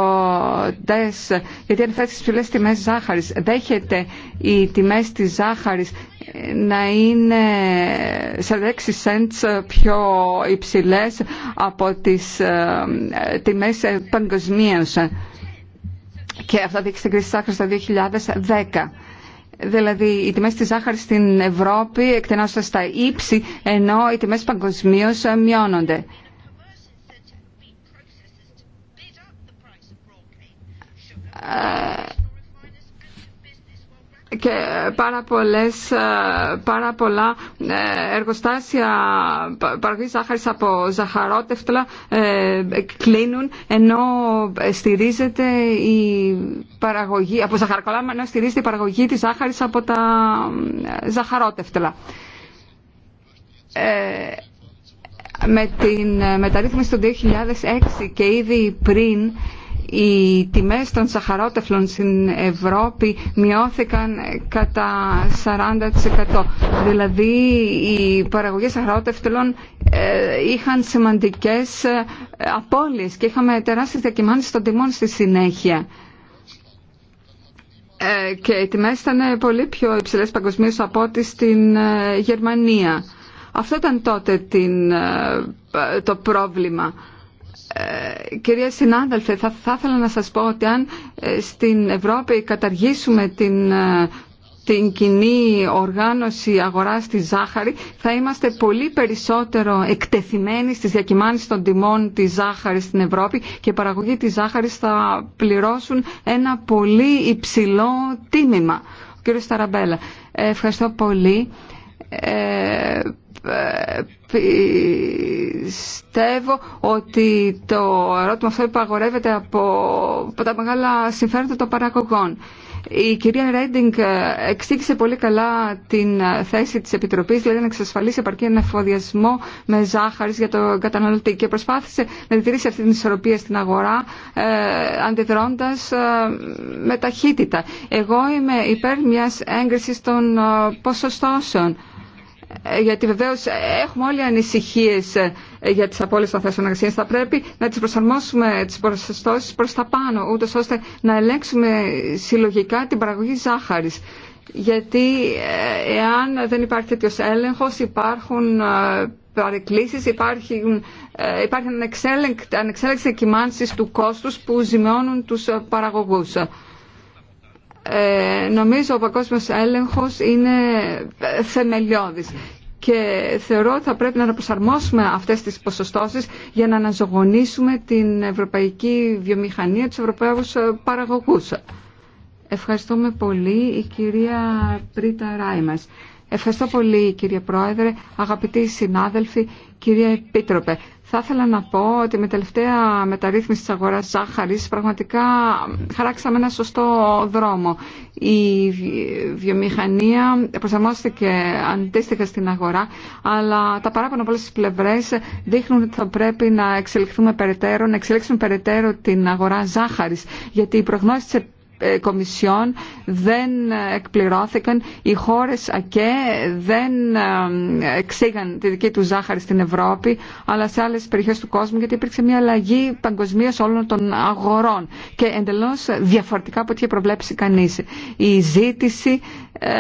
Ντες, γιατί αν τις ψηλές τιμές ζάχαρης, δέχεται οι τιμές της ζάχαρης να είναι σε 6 cents πιο υψηλές από τις ε, τιμές ε, παγκοσμίω. Και αυτά δείχνει στην κρίση της ζάχαρης το 2010 δηλαδή οι τιμέ τη ζάχαρη στην Ευρώπη εκτενώσαν στα ύψη, ενώ οι τιμέ παγκοσμίω ε, μειώνονται. Ε, και πάρα, πολλές, ε, πάρα πολλά ε, εργοστάσια παραγωγής ζάχαρης από ζαχαρότευτλα ε, κλείνουν ενώ στηρίζεται η παραγωγή από ζαχαρκολά ενώ στηρίζεται η παραγωγή της ζάχαρης από τα ζαχαρότευτλα. με την μεταρρύθμιση του 2006 και ήδη πριν οι τιμές των σαχαρότεφλων στην Ευρώπη μειώθηκαν κατά 40%. Δηλαδή οι παραγωγές σαχαρότεφλων ε, είχαν σημαντικές ε, απώλειες και είχαμε τεράστιες διακυμάνσεις των τιμών στη συνέχεια. Ε, και οι τιμές ήταν πολύ πιο υψηλές παγκοσμίως από ό,τι στην Γερμανία. Αυτό ήταν τότε το πρόβλημα. Ε, κυρία συνάδελφε, θα, θα ήθελα να σας πω ότι αν ε, στην Ευρώπη καταργήσουμε την, ε, την κοινή οργάνωση αγοράς της ζάχαρη, θα είμαστε πολύ περισσότερο εκτεθειμένοι στις διακυμάνσεις των τιμών της ζάχαρης στην Ευρώπη και η παραγωγή της ζάχαρης θα πληρώσουν ένα πολύ υψηλό τίμημα. Κύριε Σταραμπέλα, ευχαριστώ πολύ ε, πιστεύω ότι το ερώτημα αυτό υπαγορεύεται από, από τα μεγάλα συμφέροντα των παραγωγών. Η κυρία Ρέντινγκ εξήγησε πολύ καλά την θέση της Επιτροπής, δηλαδή να εξασφαλίσει επαρκή εφοδιασμό με ζάχαρη για τον καταναλωτή και προσπάθησε να διτηρήσει αυτή την ισορροπία στην αγορά ε, αντιδρώντας ε, με ταχύτητα. Εγώ είμαι υπέρ μιας έγκρισης των ε, ποσοστώσεων ε, γιατί βεβαίω έχουμε όλοι ανησυχίε ε, για τι απώλειε των θέσεων εργασία. Θα πρέπει να τι προσαρμόσουμε τι ποσοστώσει προ τα πάνω, ούτω ώστε να ελέγξουμε συλλογικά την παραγωγή ζάχαρη. Γιατί ε, εάν δεν υπάρχει τέτοιο έλεγχο, υπάρχουν παρεκκλήσει, υπάρχει, υπάρχει ανεξέλεγκτη του κόστου που ζημιώνουν τους παραγωγού. Ε, νομίζω ο παγκόσμιος έλεγχος είναι ε, θεμελιώδης και θεωρώ ότι θα πρέπει να προσαρμόσουμε αυτές τις ποσοστώσεις για να αναζωογονήσουμε την ευρωπαϊκή βιομηχανία, τους ευρωπαίους ε, παραγωγούς. Ευχαριστούμε πολύ η κυρία Πρίτα Ράιμας. Ευχαριστώ πολύ κύριε Πρόεδρε, αγαπητοί συνάδελφοι, κυρία Επίτροπε. Θα ήθελα να πω ότι με τελευταία μεταρρύθμιση της αγοράς ζάχαρης πραγματικά χαράξαμε ένα σωστό δρόμο. Η βιομηχανία προσαρμόστηκε αντίστοιχα στην αγορά, αλλά τα παράπονα από πλευρές δείχνουν ότι θα πρέπει να εξελιχθούμε περαιτέρω, να εξελίξουμε περαιτέρω την αγορά ζάχαρης, γιατί οι προγνώσεις ε, κομισιόν δεν εκπληρώθηκαν, οι χώρες ΑΚΕ δεν ε, εξήγαν τη δική του ζάχαρη στην Ευρώπη, αλλά σε άλλες περιοχές του κόσμου, γιατί υπήρξε μια αλλαγή παγκοσμίως όλων των αγορών και εντελώς διαφορετικά από ό,τι είχε προβλέψει κανείς. Η ζήτηση ε,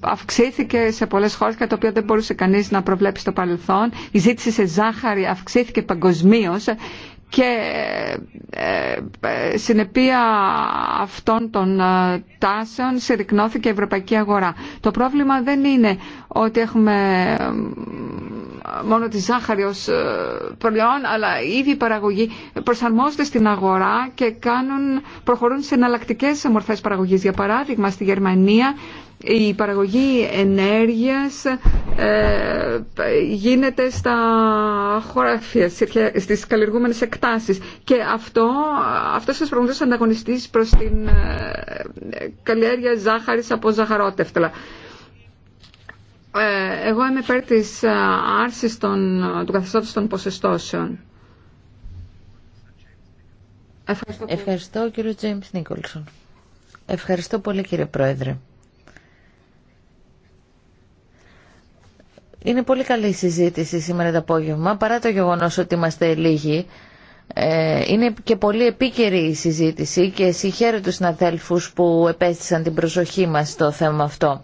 αυξήθηκε σε πολλές χώρες κατά το οποίο δεν μπορούσε κανείς να προβλέψει το παρελθόν. Η ζήτηση σε ζάχαρη αυξήθηκε παγκοσμίω και ε, ε, συνεπία αυτών των ε, τάσεων συρρυκνώθηκε η ευρωπαϊκή αγορά. Το πρόβλημα δεν είναι ότι έχουμε μόνο τη ζάχαρη ως προϊόν, αλλά ήδη η παραγωγή προσαρμόζεται στην αγορά και κάνουν, προχωρούν σε εναλλακτικέ μορφές παραγωγής. Για παράδειγμα, στη Γερμανία η παραγωγή ενέργειας ε, γίνεται στα χωράφια, στις καλλιεργούμενες εκτάσεις και αυτό, αυτός ο προγραμματικός ανταγωνιστής προς την ε, καλλιέργεια ζάχαρης από ζαχαρότευτλα. Ε, εγώ είμαι υπέρ της ε, άρσης των, του καθεστώτος των ποσοστώσεων. Ευχαριστώ, Ευχαριστώ κύριο Τζέιμς Νίκολσον. Ευχαριστώ πολύ κύριε Πρόεδρε. Είναι πολύ καλή η συζήτηση σήμερα το απόγευμα, παρά το γεγονός ότι είμαστε λίγοι. Ε, είναι και πολύ επίκαιρη η συζήτηση και συγχαίρω τους συναδέλφους που επέστησαν την προσοχή μας στο θέμα αυτό.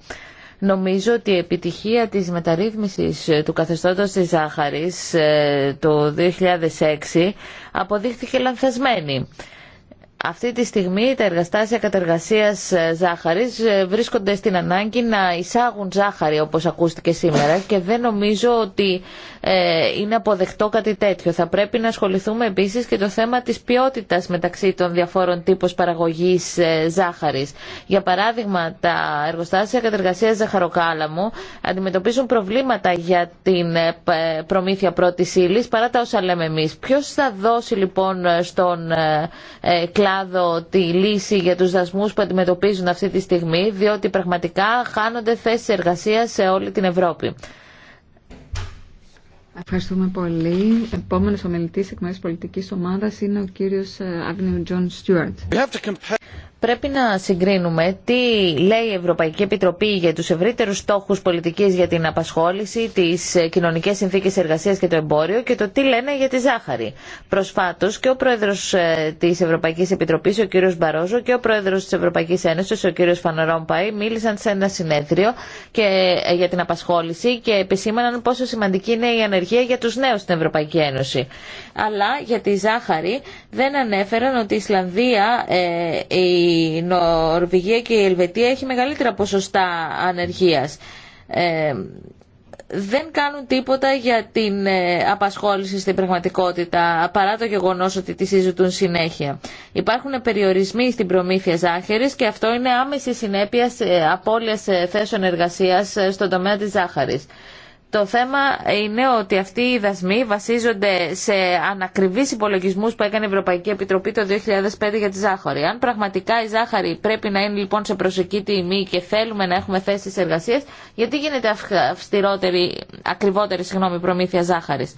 Νομίζω ότι η επιτυχία της μεταρρύθμισης του καθεστώτος της ζάχαρης ε, το 2006 αποδείχθηκε λανθασμένη. Αυτή τη στιγμή τα εργαστάσια κατεργασίας ε, ζάχαρης ε, βρίσκονται στην ανάγκη να εισάγουν ζάχαρη όπως ακούστηκε σήμερα και δεν νομίζω ότι ε, είναι αποδεκτό κάτι τέτοιο. Θα πρέπει να ασχοληθούμε επίσης και το θέμα της ποιότητας μεταξύ των διαφόρων τύπων παραγωγής ζάχαρης. Για παράδειγμα, τα εργοστάσια κατεργασίας ζαχαροκάλαμου αντιμετωπίζουν προβλήματα για την προμήθεια πρώτης ύλη παρά τα όσα λέμε εμείς. θα δώσει λοιπόν στον κλάδο Ελλάδο τη λύση για τους δασμούς που αντιμετωπίζουν αυτή τη στιγμή, διότι πραγματικά χάνονται θέσεις εργασίας σε όλη την Ευρώπη. Ευχαριστούμε πολύ. Επόμενος ομιλητής εκ μέρους πολιτικής ομάδας είναι ο κύριος Αγνίου Τζον Στιούαρτ πρέπει να συγκρίνουμε τι λέει η Ευρωπαϊκή Επιτροπή για τους ευρύτερους στόχους πολιτικής για την απασχόληση, τις ε, κοινωνικές συνθήκες εργασίας και το εμπόριο και το τι λένε για τη ζάχαρη. Προσφάτως και ο Πρόεδρος ε, της Ευρωπαϊκής Επιτροπής, ο κύριος Μπαρόζο και ο Πρόεδρος της Ευρωπαϊκής Ένωσης, ο κύριος Φανορόμπαη, μίλησαν σε ένα συνέδριο και ε, για την απασχόληση και επισήμαναν πόσο σημαντική είναι η ανεργία για τους νέους στην Ευρωπαϊκή Ένωση. Αλλά για τη ζάχαρη δεν ανέφεραν ότι η Ισλανδία, ε, η Νορβηγία και η Ελβετία έχει μεγαλύτερα ποσοστά ανεργίας. Ε, δεν κάνουν τίποτα για την ε, απασχόληση στην πραγματικότητα παρά το γεγονός ότι τη συζητούν συνέχεια. Υπάρχουν περιορισμοί στην προμήθεια ζάχαρης και αυτό είναι άμεση συνέπεια απώλειας θέσεων εργασίας στον τομέα της ζάχαρης. Το θέμα είναι ότι αυτοί οι δασμοί βασίζονται σε ανακριβείς υπολογισμούς που έκανε η Ευρωπαϊκή Επιτροπή το 2005 για τη ζάχαρη. Αν πραγματικά η ζάχαρη πρέπει να είναι λοιπόν σε προσεκή τιμή και θέλουμε να έχουμε θέσεις εργασίας, γιατί γίνεται αυστηρότερη, ακριβότερη συγγνώμη, προμήθεια ζάχαρης.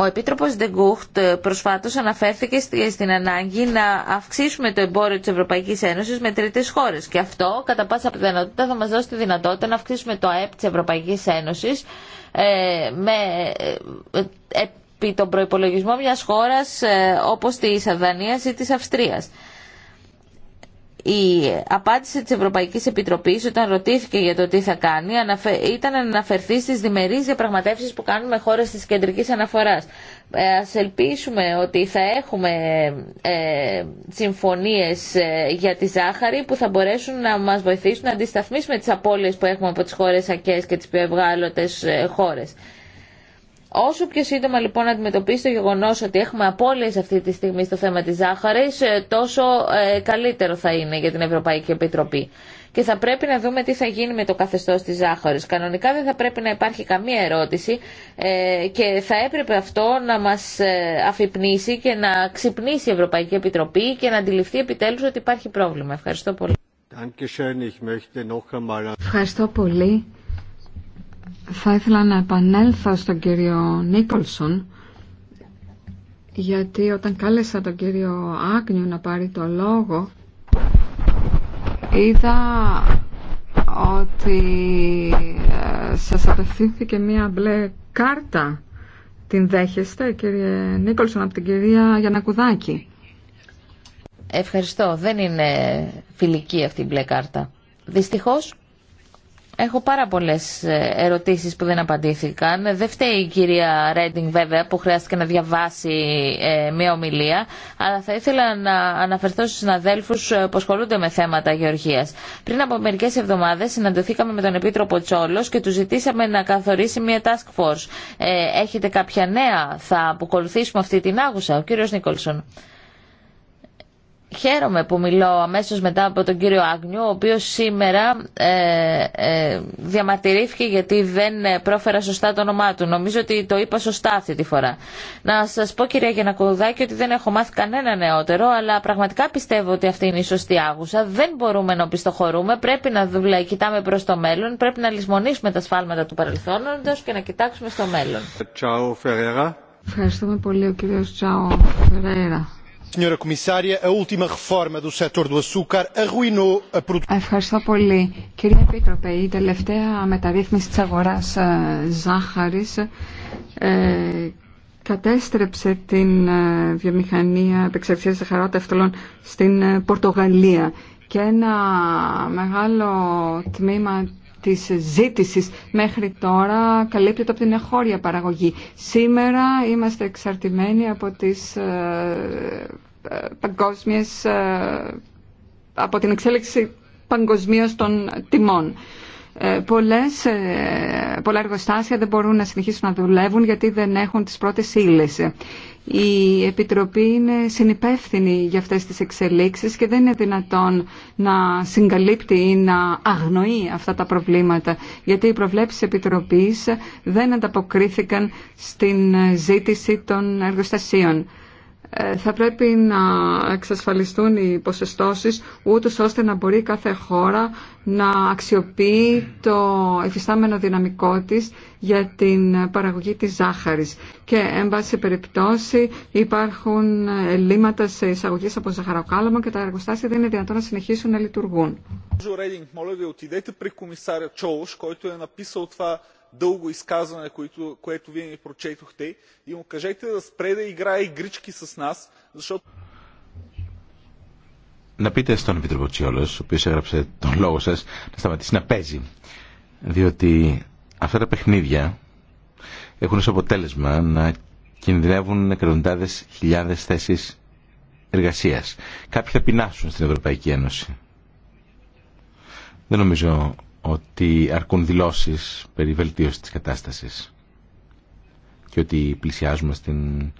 Ο Επίτροπος Ντεγκούχτ προσφάτω αναφέρθηκε στην ανάγκη να αυξήσουμε το εμπόριο της Ευρωπαϊκής Ένωσης με τρίτες χώρες και αυτό κατά πάσα πιθανότητα θα μας δώσει τη δυνατότητα να αυξήσουμε το ΑΕΠ τη Ευρωπαϊκής Ένωσης ε, με ε, ε, επί τον προϋπολογισμό μιας χώρας ε, όπως της Αδανίας ή της Αυστρίας η απάντηση της Ευρωπαϊκής Επιτροπής όταν ρωτήθηκε για το τι θα κάνει ήταν να αναφερθεί στις διμερείς διαπραγματεύσεις που κάνουμε χώρες της κεντρικής αναφοράς. Ε, ας ελπίσουμε ότι θα έχουμε ε, συμφωνίες ε, για τη ζάχαρη που θα μπορέσουν να μας βοηθήσουν να αντισταθμίσουμε τις απώλειες που έχουμε από τις χώρες ακές και τις πιο ευγάλωτες ε, χώρες. Όσο πιο σύντομα λοιπόν αντιμετωπίσει το γεγονό ότι έχουμε απώλειες αυτή τη στιγμή στο θέμα τη ζάχαρη, ε, τόσο ε, καλύτερο θα είναι για την Ευρωπαϊκή Επιτροπή. Και θα πρέπει να δούμε τι θα γίνει με το καθεστώ τη ζάχαρη. Κανονικά δεν θα πρέπει να υπάρχει καμία ερώτηση ε, και θα έπρεπε αυτό να μα αφυπνήσει και να ξυπνήσει η Ευρωπαϊκή Επιτροπή και να αντιληφθεί επιτέλου ότι υπάρχει πρόβλημα. Ευχαριστώ πολύ. Ευχαριστώ πολύ. Θα ήθελα να επανέλθω στον κύριο Νίκολσον γιατί όταν κάλεσα τον κύριο Άγνιου να πάρει το λόγο είδα ότι ε, σας απευθύνθηκε μία μπλε κάρτα. Την δέχεστε κύριε Νίκολσον από την κυρία Γιανακουδάκη. Ευχαριστώ. Δεν είναι φιλική αυτή η μπλε κάρτα. Δυστυχώς Έχω πάρα πολλέ ε, ερωτήσει που δεν απαντήθηκαν. Δεν φταίει η κυρία Ρέντινγκ βέβαια που χρειάστηκε να διαβάσει ε, μία ομιλία, αλλά θα ήθελα να αναφερθώ στου συναδέλφου ε, που ασχολούνται με θέματα γεωργία. Πριν από μερικέ εβδομάδε συναντηθήκαμε με τον Επίτροπο Τσόλο και του ζητήσαμε να καθορίσει μία task force. Έχετε κάποια νέα, θα αποκολουθήσουμε αυτή την άγουσα, ο κύριο Νίκολσον. Χαίρομαι που μιλώ αμέσως μετά από τον κύριο Άγνιου, ο οποίος σήμερα ε, ε, διαμαρτυρήθηκε γιατί δεν ε, πρόφερα σωστά το όνομά του. Νομίζω ότι το είπα σωστά αυτή τη φορά. Να σας πω κυρία Γενακουδάκη ότι δεν έχω μάθει κανένα νεότερο, αλλά πραγματικά πιστεύω ότι αυτή είναι η σωστή άγουσα. Δεν μπορούμε να πιστοχωρούμε, πρέπει να κοιτάμε προς το μέλλον, πρέπει να λησμονήσουμε τα σφάλματα του παρελθόντος και να κοιτάξουμε στο μέλλον. Ευχαριστούμε πολύ ο κύριος Τσάου Φερέρα. Ευχαριστώ πολύ. Κύριε Επίτροπε, η τελευταία μεταρρύθμιση της αγοράς ε, ζάχαρης ε, κατέστρεψε την ε, βιομηχανία επεξεργασίας ζαχαρότητα στην Πορτογαλία και ένα μεγάλο τμήμα της ζήτησης μέχρι τώρα καλύπτεται από την εχόρια παραγωγή. Σήμερα είμαστε εξαρτημένοι από τις ε, ε, παγκόσμιες, ε, από την εξέλιξη παγκοσμίω των τιμών. Ε, πολλές, ε, πολλά εργοστάσια δεν μπορούν να συνεχίσουν να δουλεύουν γιατί δεν έχουν τις πρώτες ύλες. Η Επιτροπή είναι συνυπεύθυνη για αυτές τις εξελίξεις και δεν είναι δυνατόν να συγκαλύπτει ή να αγνοεί αυτά τα προβλήματα γιατί οι προβλέψεις Επιτροπής δεν ανταποκρίθηκαν στην ζήτηση των εργοστασίων. Ε, θα πρέπει να εξασφαλιστούν οι ποσοστώσεις ούτως ώστε να μπορεί κάθε χώρα να αξιοποιεί το εφιστάμενο δυναμικό της για την παραγωγή της ζάχαρης. Και, εν πάση περιπτώσει, υπάρχουν ελλείμματα σε εισαγωγή από ζαχαροκάλαμο και τα εργοστάσια δεν είναι δυνατόν να συνεχίσουν να λειτουργούν дълго изказване, което вие ни прочетохте и му кажете да спре да играе игрички с нас, защото... Να πείτε στον Επίτροπο Τσιόλος, ο οποίο έγραψε τον λόγο σα, να σταματήσει να παίζει. Διότι αυτά τα παιχνίδια έχουν ω αποτέλεσμα να κινδυνεύουν εκατοντάδες χιλιάδε θέσει εργασία. Κάποιοι θα πεινάσουν στην Ευρωπαϊκή Ένωση. Δεν νομίζω ότι αρκούν δηλώσεις περί βελτίωσης της κατάστασης και ότι πλησιάζουμε στην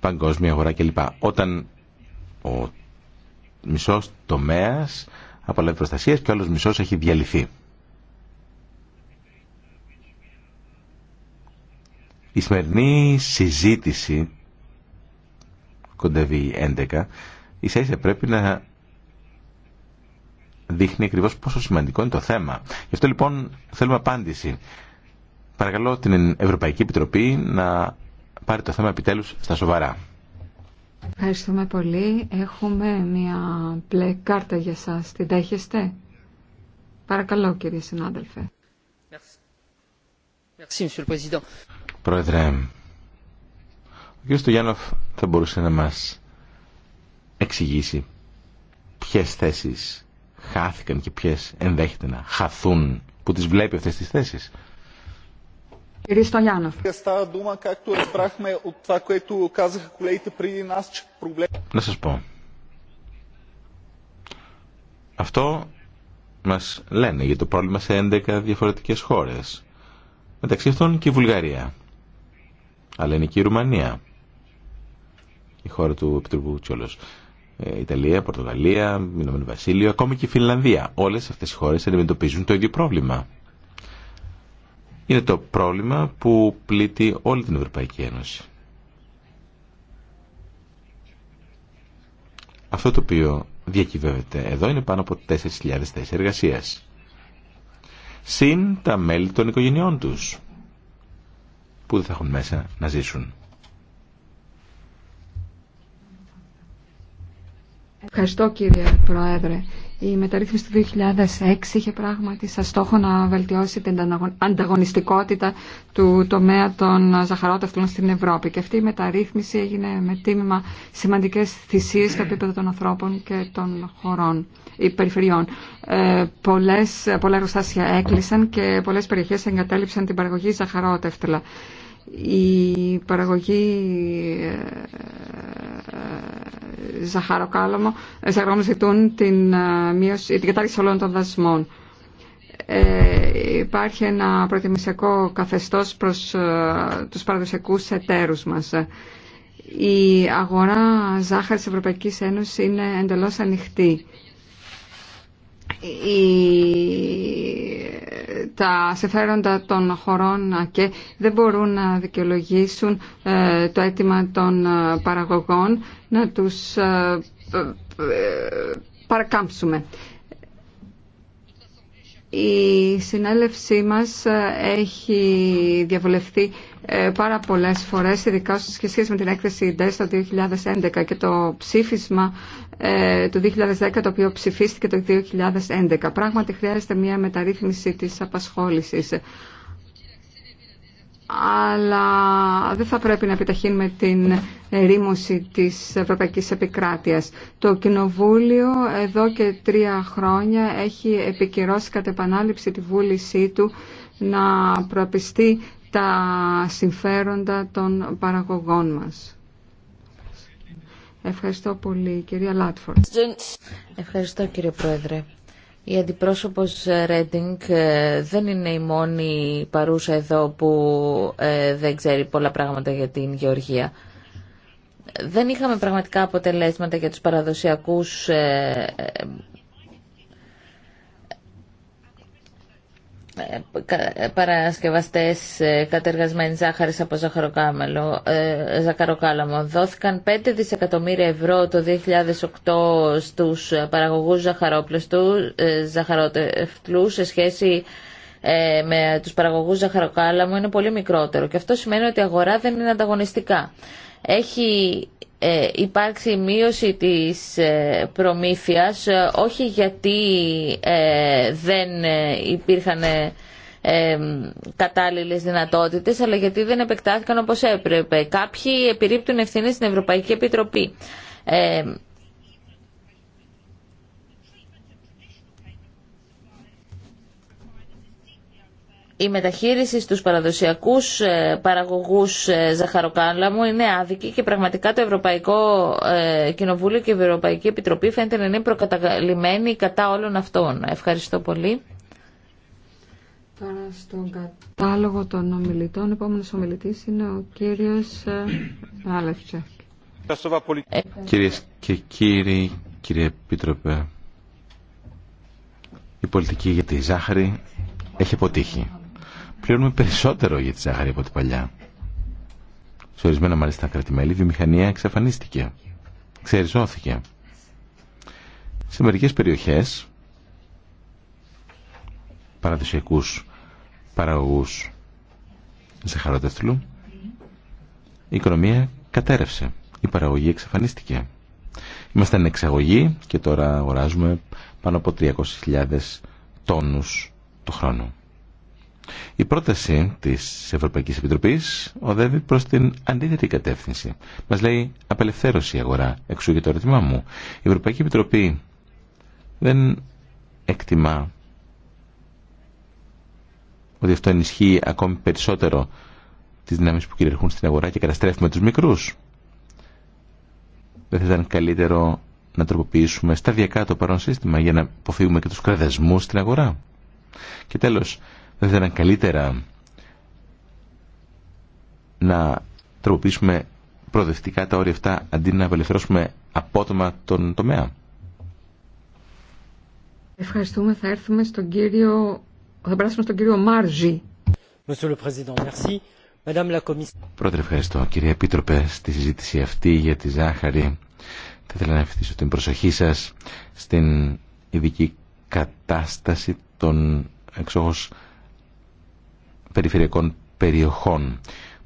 παγκόσμια αγορά κλπ. Όταν ο μισός τομέας απολαύει προστασία και ο άλλος μισός έχει διαλυθεί. Η σημερινή συζήτηση κοντεύει 11 ίσα ίσα πρέπει να δείχνει ακριβώς πόσο σημαντικό είναι το θέμα. Γι' αυτό λοιπόν θέλουμε απάντηση. Παρακαλώ την Ευρωπαϊκή Επιτροπή να πάρει το θέμα επιτέλους στα σοβαρά. Ευχαριστούμε πολύ. Έχουμε μια μπλε κάρτα για σας. Την δέχεστε. Παρακαλώ κύριε συνάδελφε. Πρόεδρε, ο κ. Στογιάννοφ θα μπορούσε να μας εξηγήσει ποιες θέσεις χάθηκαν και ποιες ενδέχεται να χαθούν που τις βλέπει αυτές τις θέσεις. Κύριε Να σας πω. Αυτό μας λένε για το πρόβλημα σε 11 διαφορετικές χώρες. Μεταξύ αυτών και η Βουλγαρία. Αλλά είναι και η Ρουμανία. Η χώρα του Επιτροπού Τσόλος. Ε, Ιταλία, Πορτογαλία, Ηνωμένο Βασίλειο, ακόμη και η Φινλανδία. Όλες αυτές οι χώρες αντιμετωπίζουν το ίδιο πρόβλημα. Είναι το πρόβλημα που πλήττει όλη την Ευρωπαϊκή Ένωση. Αυτό το οποίο διακυβεύεται εδώ είναι πάνω από 4.000 θέσει εργασία. Συν τα μέλη των οικογενειών τους που δεν θα έχουν μέσα να ζήσουν. Ευχαριστώ κύριε Πρόεδρε. Η μεταρρύθμιση του 2006 είχε πράγματι σαν στόχο να βελτιώσει την ανταγωνιστικότητα του τομέα των ζαχαρότευτων στην Ευρώπη. Και αυτή η μεταρρύθμιση έγινε με τίμημα σημαντικές θυσίε στο επίπεδο των ανθρώπων και των χωρών ή ε, περιφερειών. Ε, πολλές, πολλά εργοστάσια έκλεισαν και πολλέ περιοχέ εγκατέλειψαν την παραγωγή ζαχαρότευτλα η παραγωγή ε, ε, ε, ζαχαροκάλαμο, ζητούν την, μείωση, την κατάργηση όλων των δασμών. Ε, υπάρχει ένα προτιμησιακό καθεστώς προς τους παραδοσιακούς εταίρους μας. Η αγορά ζάχαρης Ευρωπαϊκής Ένωσης είναι εντελώς ανοιχτή τα συμφέροντα των χωρών και δεν μπορούν να δικαιολογήσουν ε, το αίτημα των ε, παραγωγών να τους ε, παρακάμψουμε. Η συνέλευσή μας έχει διαβολευτεί ε, πάρα πολλέ φορές, ειδικά σε σχέση με την έκθεση ΔΕΣ το 2011 και το ψήφισμα ε, του 2010 το οποίο ψηφίστηκε το 2011. Πράγματι χρειάζεται μια μεταρρύθμιση της απασχόλησης. Αλλά δεν θα πρέπει να επιταχύνουμε την ερήμωση της Ευρωπαϊκής Επικράτειας. Το Κοινοβούλιο εδώ και τρία χρόνια έχει επικυρώσει κατ' επανάληψη τη βούλησή του να προαπιστεί τα συμφέροντα των παραγωγών μας. Ευχαριστώ πολύ, κυρία Λάτφορντ. Ευχαριστώ, κύριε Πρόεδρε. Η αντιπρόσωπος Ρέντινγκ ε, δεν είναι η μόνη παρούσα εδώ που ε, δεν ξέρει πολλά πράγματα για την Γεωργία. Δεν είχαμε πραγματικά αποτελέσματα για τους παραδοσιακούς ε, παρασκευαστές ε, κατεργασμένης ζάχαρη από ζαχαροκάλαμο. Ε, Δόθηκαν 5 δισεκατομμύρια ευρώ το 2008 στους παραγωγούς ζαχαρότευλους ε, σε σχέση με τους παραγωγούς ζαχαροκάλαμου είναι πολύ μικρότερο και αυτό σημαίνει ότι η αγορά δεν είναι ανταγωνιστικά. Έχει ε, υπάρξει μείωση της ε, προμήθειας ε, όχι γιατί ε, δεν ε, υπήρχαν ε, κατάλληλες δυνατότητες αλλά γιατί δεν επεκτάθηκαν όπως έπρεπε. Κάποιοι επιρρύπτουν ευθύνες στην Ευρωπαϊκή Επιτροπή. η μεταχείριση στους παραδοσιακούς ε, παραγωγούς ε, ζαχαροκάλαμου είναι άδικη και πραγματικά το Ευρωπαϊκό ε, Κοινοβούλιο και η Ευρωπαϊκή Επιτροπή φαίνεται να είναι προκαταλημμένοι κατά όλων αυτών. Ευχαριστώ πολύ. Τώρα στον κατάλογο των ομιλητών, ο επόμενος ομιλητής είναι ο κύριος Άλεφτσακ. Κυρίες και κύριοι, κύριε Επίτροπε, η πολιτική για τη ζάχαρη έχει αποτύχει πληρώνουμε περισσότερο για τη ζάχαρη από την παλιά. Σε ορισμένα μάλιστα κρατημέλη η βιομηχανία εξαφανίστηκε. Ξεριζώθηκε. Σε μερικές περιοχές παραδοσιακούς παραγωγούς ζαχαρότευτλου η οικονομία κατέρευσε. Η παραγωγή εξαφανίστηκε. Ήμασταν εξαγωγή και τώρα αγοράζουμε πάνω από 300.000 τόνους το χρόνο. Η πρόταση της Ευρωπαϊκής Επιτροπής οδεύει προς την αντίθετη κατεύθυνση. Μας λέει απελευθέρωση η αγορά, εξού και το ερώτημά μου. Η Ευρωπαϊκή Επιτροπή δεν εκτιμά ότι αυτό ενισχύει ακόμη περισσότερο τις δυνάμεις που κυριαρχούν στην αγορά και καταστρέφουμε τους μικρούς. Δεν θα ήταν καλύτερο να τροποποιήσουμε σταδιακά το παρόν σύστημα για να αποφύγουμε και τους κραδεσμού στην αγορά. Και τέλος, δεν θα ήταν καλύτερα να τροποποιήσουμε προοδευτικά τα όρια αυτά αντί να απελευθερώσουμε απότομα τον τομέα. Ευχαριστούμε. Θα έρθουμε στον κύριο... Θα περάσουμε στον κύριο Μάρζη. Πρόεδρε, ευχαριστώ. Κύριε Επίτροπε, στη συζήτηση αυτή για τη ζάχαρη θα ήθελα να ευθύσω την προσοχή σας στην ειδική κατάσταση των εξόχως περιφερειακών περιοχών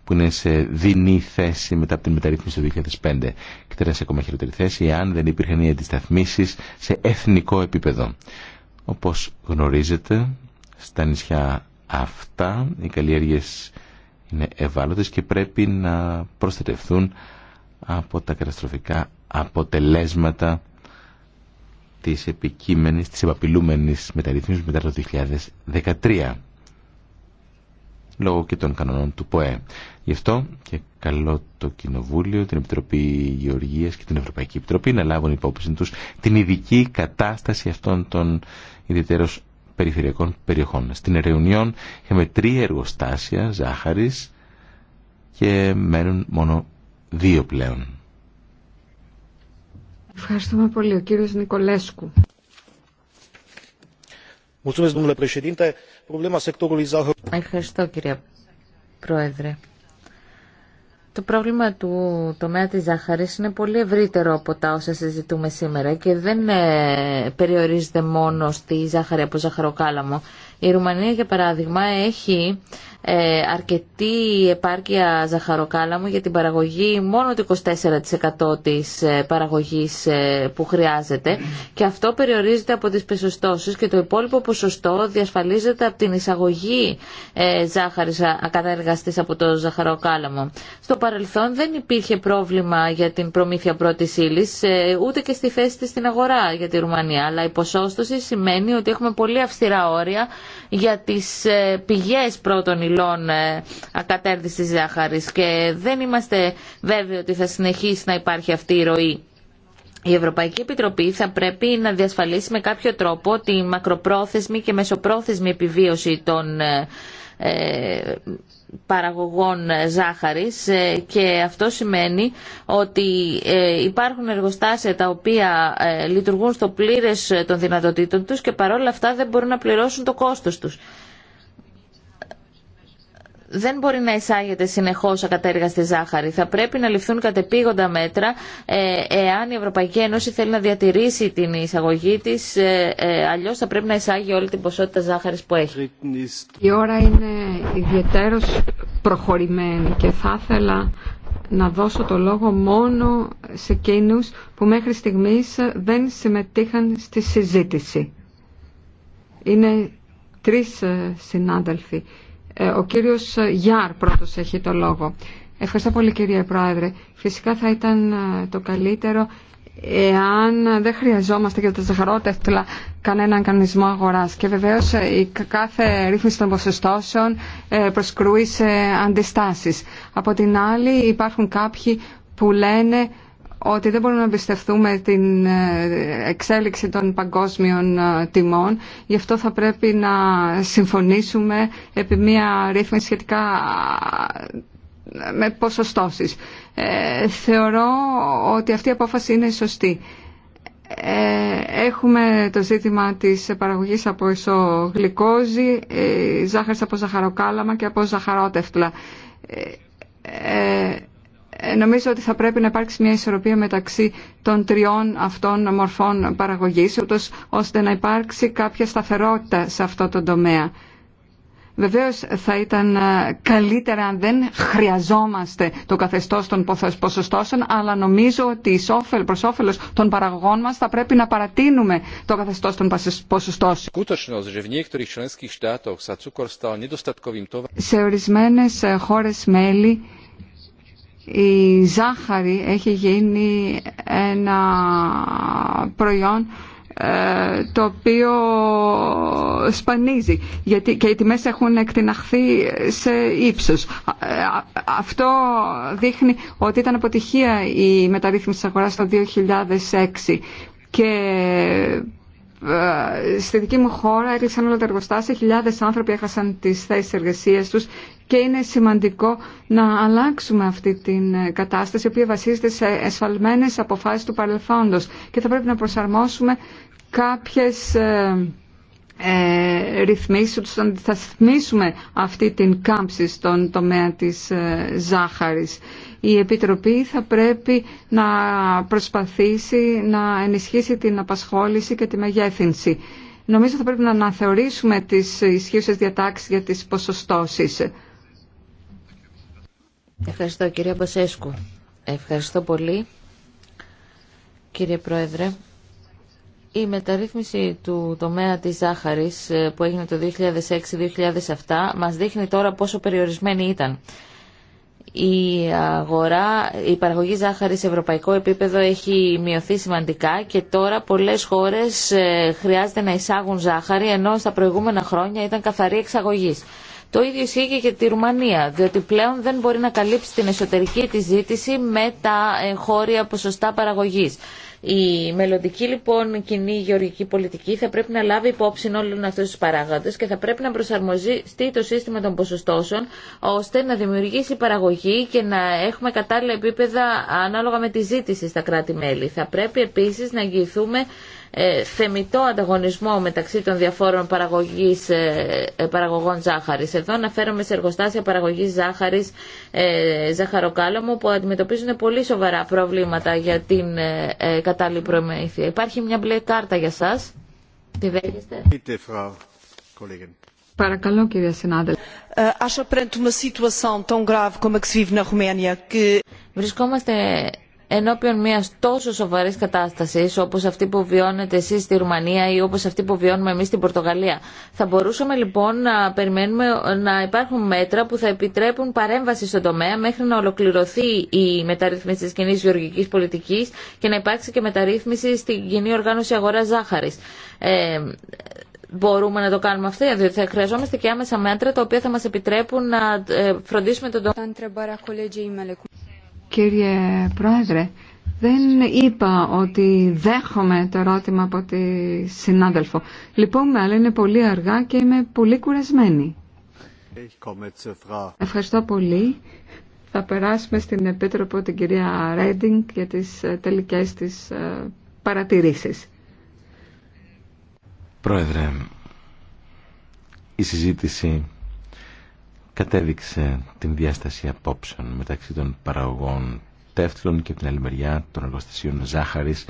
που είναι σε δινή θέση μετά από την μεταρρύθμιση του 2005 και τώρα σε ακόμα χειρότερη θέση εάν δεν υπήρχαν οι αντισταθμίσεις σε εθνικό επίπεδο. Όπως γνωρίζετε, στα νησιά αυτά οι καλλιέργειες είναι ευάλωτες και πρέπει να προστατευτούν από τα καταστροφικά αποτελέσματα της επικείμενης, της επαπειλούμενης μεταρρύθμισης μετά το 2013 λόγω και των κανονών του ΠΟΕ. Γι' αυτό και καλό το Κοινοβούλιο, την Επιτροπή Γεωργίας και την Ευρωπαϊκή Επιτροπή να λάβουν υπόψη τους την ειδική κατάσταση αυτών των ιδιαίτερως περιφερειακών περιοχών. Στην Ερεουνιόν είχαμε τρία εργοστάσια ζάχαρης και μένουν μόνο δύο πλέον. Ευχαριστούμε πολύ. Ο κύριος Νικολέσκου. Ευχαριστώ κύριε Πρόεδρε. Το πρόβλημα του τομέα της ζάχαρης είναι πολύ ευρύτερο από τα όσα συζητούμε σήμερα και δεν ε, περιορίζεται μόνο στη ζάχαρη από ζαχαροκάλαμο. Η Ρουμανία, για παράδειγμα, έχει ε, αρκετή επάρκεια ζαχαροκάλαμου για την παραγωγή μόνο το 24% της ε, παραγωγής ε, που χρειάζεται και αυτό περιορίζεται από τις πεσοστώσεις και το υπόλοιπο ποσοστό διασφαλίζεται από την εισαγωγή ζάχαρης ακαταργαστής από το ζαχαροκάλαμο. Στο παρελθόν δεν υπήρχε πρόβλημα για την προμήθεια πρώτης ύλης ούτε και στη θέση της στην αγορά για τη Ρουμανία αλλά η ποσόστοση σημαίνει ότι έχουμε πολύ αυστηρά όρια για τις ε, πηγές πρώτων υλών ε, ακατέρδης ζάχαρης και δεν είμαστε βέβαιοι ότι θα συνεχίσει να υπάρχει αυτή η ροή. Η Ευρωπαϊκή Επιτροπή θα πρέπει να διασφαλίσει με κάποιο τρόπο τη μακροπρόθεσμη και μεσοπρόθεσμη επιβίωση των ε, παραγωγών ζάχαρης ε, και αυτό σημαίνει ότι ε, υπάρχουν εργοστάσια τα οποία ε, λειτουργούν στο πλήρες των δυνατοτήτων τους και παρόλα αυτά δεν μπορούν να πληρώσουν το κόστος τους δεν μπορεί να εισάγεται συνεχώς ακατέργαστη ζάχαρη. Θα πρέπει να ληφθούν κατεπίγοντα μέτρα ε, εάν η Ευρωπαϊκή Ένωση θέλει να διατηρήσει την εισαγωγή της, ε, ε, αλλιώς θα πρέπει να εισάγει όλη την ποσότητα ζάχαρης που έχει. Η ώρα είναι ιδιαίτερω προχωρημένη και θα ήθελα να δώσω το λόγο μόνο σε εκείνους που μέχρι στιγμής δεν συμμετείχαν στη συζήτηση. Είναι τρεις συνάδελφοι ε, ο κύριος Γιάρ πρώτος έχει το λόγο. Ευχαριστώ πολύ κύριε Πρόεδρε. Φυσικά θα ήταν ε, το καλύτερο εάν δεν χρειαζόμαστε για τα ζαχαρότευτλα κανέναν κανονισμό αγοράς. Και βεβαίως ε, η κάθε ρύθμιση των ποσοστώσεων προσκρούει σε αντιστάσεις. Από την άλλη υπάρχουν κάποιοι που λένε ότι δεν μπορούμε να εμπιστευτούμε την ε, εξέλιξη των παγκόσμιων ε, τιμών. Γι' αυτό θα πρέπει να συμφωνήσουμε επί μια ρύθμιση σχετικά ε, με ποσοστώσεις. Ε, θεωρώ ότι αυτή η απόφαση είναι σωστή. έχουμε το ζήτημα της παραγωγής από ισογλυκόζη, ε, ζάχαρης από ζαχαροκάλαμα και από ζαχαρότευτλα. Ε, νομίζω ότι θα πρέπει να υπάρξει μια ισορροπία μεταξύ των τριών αυτών μορφών παραγωγής, ώστε να υπάρξει κάποια σταθερότητα σε αυτό το τομέα. Βεβαίως θα ήταν ε, καλύτερα αν δεν χρειαζόμαστε το καθεστώς των ποσοστώσεων, αλλά νομίζω ότι προς όφελος των παραγωγών μας θα πρέπει να παρατείνουμε το καθεστώς των ποσοστώσεων. Σε ορισμένες ε, χώρες μέλη η ζάχαρη έχει γίνει ένα προϊόν ε, το οποίο σπανίζει γιατί και οι τιμές έχουν εκτιναχθεί σε ύψος. Ε, αυτό δείχνει ότι ήταν αποτυχία η μεταρρύθμιση της αγοράς το 2006 και ε, στη δική μου χώρα έκλεισαν όλα τα εργοστάσια, χιλιάδες άνθρωποι έχασαν τις θέσεις εργασίας τους και είναι σημαντικό να αλλάξουμε αυτή την ε, κατάσταση η οποία βασίζεται σε εσφαλμένες αποφάσεις του παρελθόντος και θα πρέπει να προσαρμόσουμε κάποιες ε, ε ρυθμίσεις, θα θυμίσουμε αυτή την κάμψη στον τομέα της ε, ζάχαρης. Η Επιτροπή θα πρέπει να προσπαθήσει να ενισχύσει την απασχόληση και τη μεγέθυνση. Νομίζω θα πρέπει να αναθεωρήσουμε τις ισχύουσες διατάξεις για τις ποσοστώσεις. Ευχαριστώ κυρία Μπασέσκου. Ευχαριστώ πολύ κύριε Πρόεδρε. Η μεταρρύθμιση του τομέα της ζάχαρης ε, που έγινε το 2006-2007 μας δείχνει τώρα πόσο περιορισμένη ήταν. Η αγορά, η παραγωγή ζάχαρης σε ευρωπαϊκό επίπεδο έχει μειωθεί σημαντικά και τώρα πολλές χώρες ε, χρειάζεται να εισάγουν ζάχαρη ενώ στα προηγούμενα χρόνια ήταν καθαρή εξαγωγής. Το ίδιο ισχύει και για τη Ρουμανία, διότι πλέον δεν μπορεί να καλύψει την εσωτερική τη ζήτηση με τα ε, χώρια ποσοστά παραγωγή. Η μελλοντική λοιπόν κοινή γεωργική πολιτική θα πρέπει να λάβει υπόψη όλων αυτού του παράγοντε και θα πρέπει να προσαρμοζεί το σύστημα των ποσοστώσεων ώστε να δημιουργήσει παραγωγή και να έχουμε κατάλληλα επίπεδα ανάλογα με τη ζήτηση στα κράτη-μέλη. Θα πρέπει επίση να εγγυηθούμε ε, θεμητό ανταγωνισμό μεταξύ των διαφόρων παραγωγής, ε, ε, παραγωγών ζάχαρης. Εδώ αναφέρομαι σε εργοστάσια παραγωγής ζάχαρης ζαχαροκάλαμου που αντιμετωπίζουν πολύ σοβαρά προβλήματα για την κατάλληλη προμήθεια. Υπάρχει μια μπλε κάρτα για σας. Τη δέχεστε. Παρακαλώ κυρία συνάδελφε. Βρισκόμαστε ενώπιον μια τόσο σοβαρή κατάσταση, όπω αυτή που βιώνετε εσεί στη Ρουμανία ή όπω αυτή που βιώνουμε εμεί στην Πορτογαλία. Θα μπορούσαμε λοιπόν να περιμένουμε να υπάρχουν μέτρα που θα επιτρέπουν παρέμβαση στον τομέα μέχρι να ολοκληρωθεί η μεταρρύθμιση τη κοινή γεωργική πολιτική και να υπάρξει και μεταρρύθμιση στην κοινή οργάνωση αγορά ζάχαρη. Ε, μπορούμε να το κάνουμε αυτό, διότι θα χρειαζόμαστε και άμεσα μέτρα τα οποία θα μα επιτρέπουν να ε, φροντίσουμε τον τόπο. Κύριε Πρόεδρε, δεν είπα ότι δέχομαι το ερώτημα από τη συνάδελφο. Λυπούμε, αλλά είναι πολύ αργά και είμαι πολύ κουρασμένη. Ευχαριστώ πολύ. Θα περάσουμε στην Επίτροπο την κυρία Ρέντινγκ για τις ε, τελικές της ε, παρατηρήσεις. Πρόεδρε, η συζήτηση κατέδειξε την διάσταση απόψεων μεταξύ των παραγωγών τεύτλων και από την άλλη μεριά των εργοστασίων ζάχαρης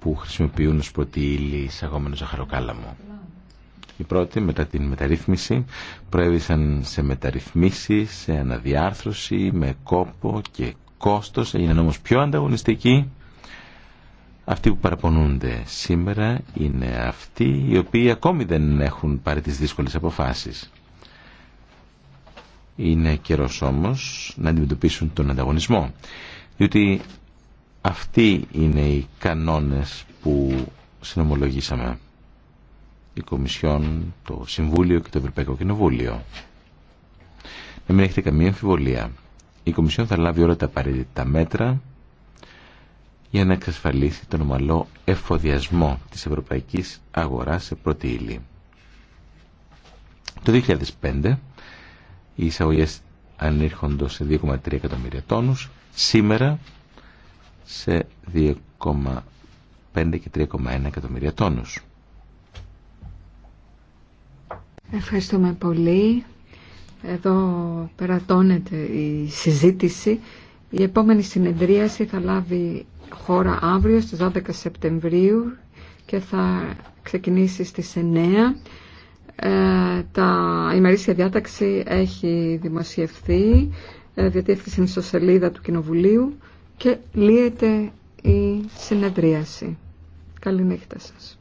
που χρησιμοποιούν ως πρώτη ύλη εισαγόμενο ζαχαροκάλαμο. Οι πρώτοι μετά την μεταρρύθμιση προέβησαν σε μεταρρυθμίσεις, σε αναδιάρθρωση, με κόπο και κόστος, έγιναν όμως πιο ανταγωνιστικοί. Αυτοί που παραπονούνται σήμερα είναι αυτοί οι οποίοι ακόμη δεν έχουν πάρει τις δύσκολες αποφάσεις. Είναι καιρό όμω να αντιμετωπίσουν τον ανταγωνισμό. Διότι αυτοί είναι οι κανόνες που συνομολογήσαμε. Η Κομισιόν, το Συμβούλιο και το Ευρωπαϊκό Κοινοβούλιο. Να μην έχετε καμία αμφιβολία. Η Κομισιόν θα λάβει όλα τα απαραίτητα μέτρα για να εξασφαλίσει τον ομαλό εφοδιασμό της ευρωπαϊκής αγοράς σε πρώτη ύλη. Το 2005 οι εισαγωγές ανήρχοντος σε 2,3 εκατομμύρια τόνους, σήμερα σε 2,5 και 3,1 εκατομμύρια τόνους. Ευχαριστούμε πολύ. Εδώ περατώνεται η συζήτηση. Η επόμενη συνεδρίαση θα λάβει χώρα αύριο στις 12 Σεπτεμβρίου και θα ξεκινήσει στις 9. Ε, τα, η μερίσια διάταξη έχει δημοσιευθεί, ε, διατίθεται στην ιστοσελίδα του Κοινοβουλίου και λύεται η συνεδρίαση. Καληνύχτα σας.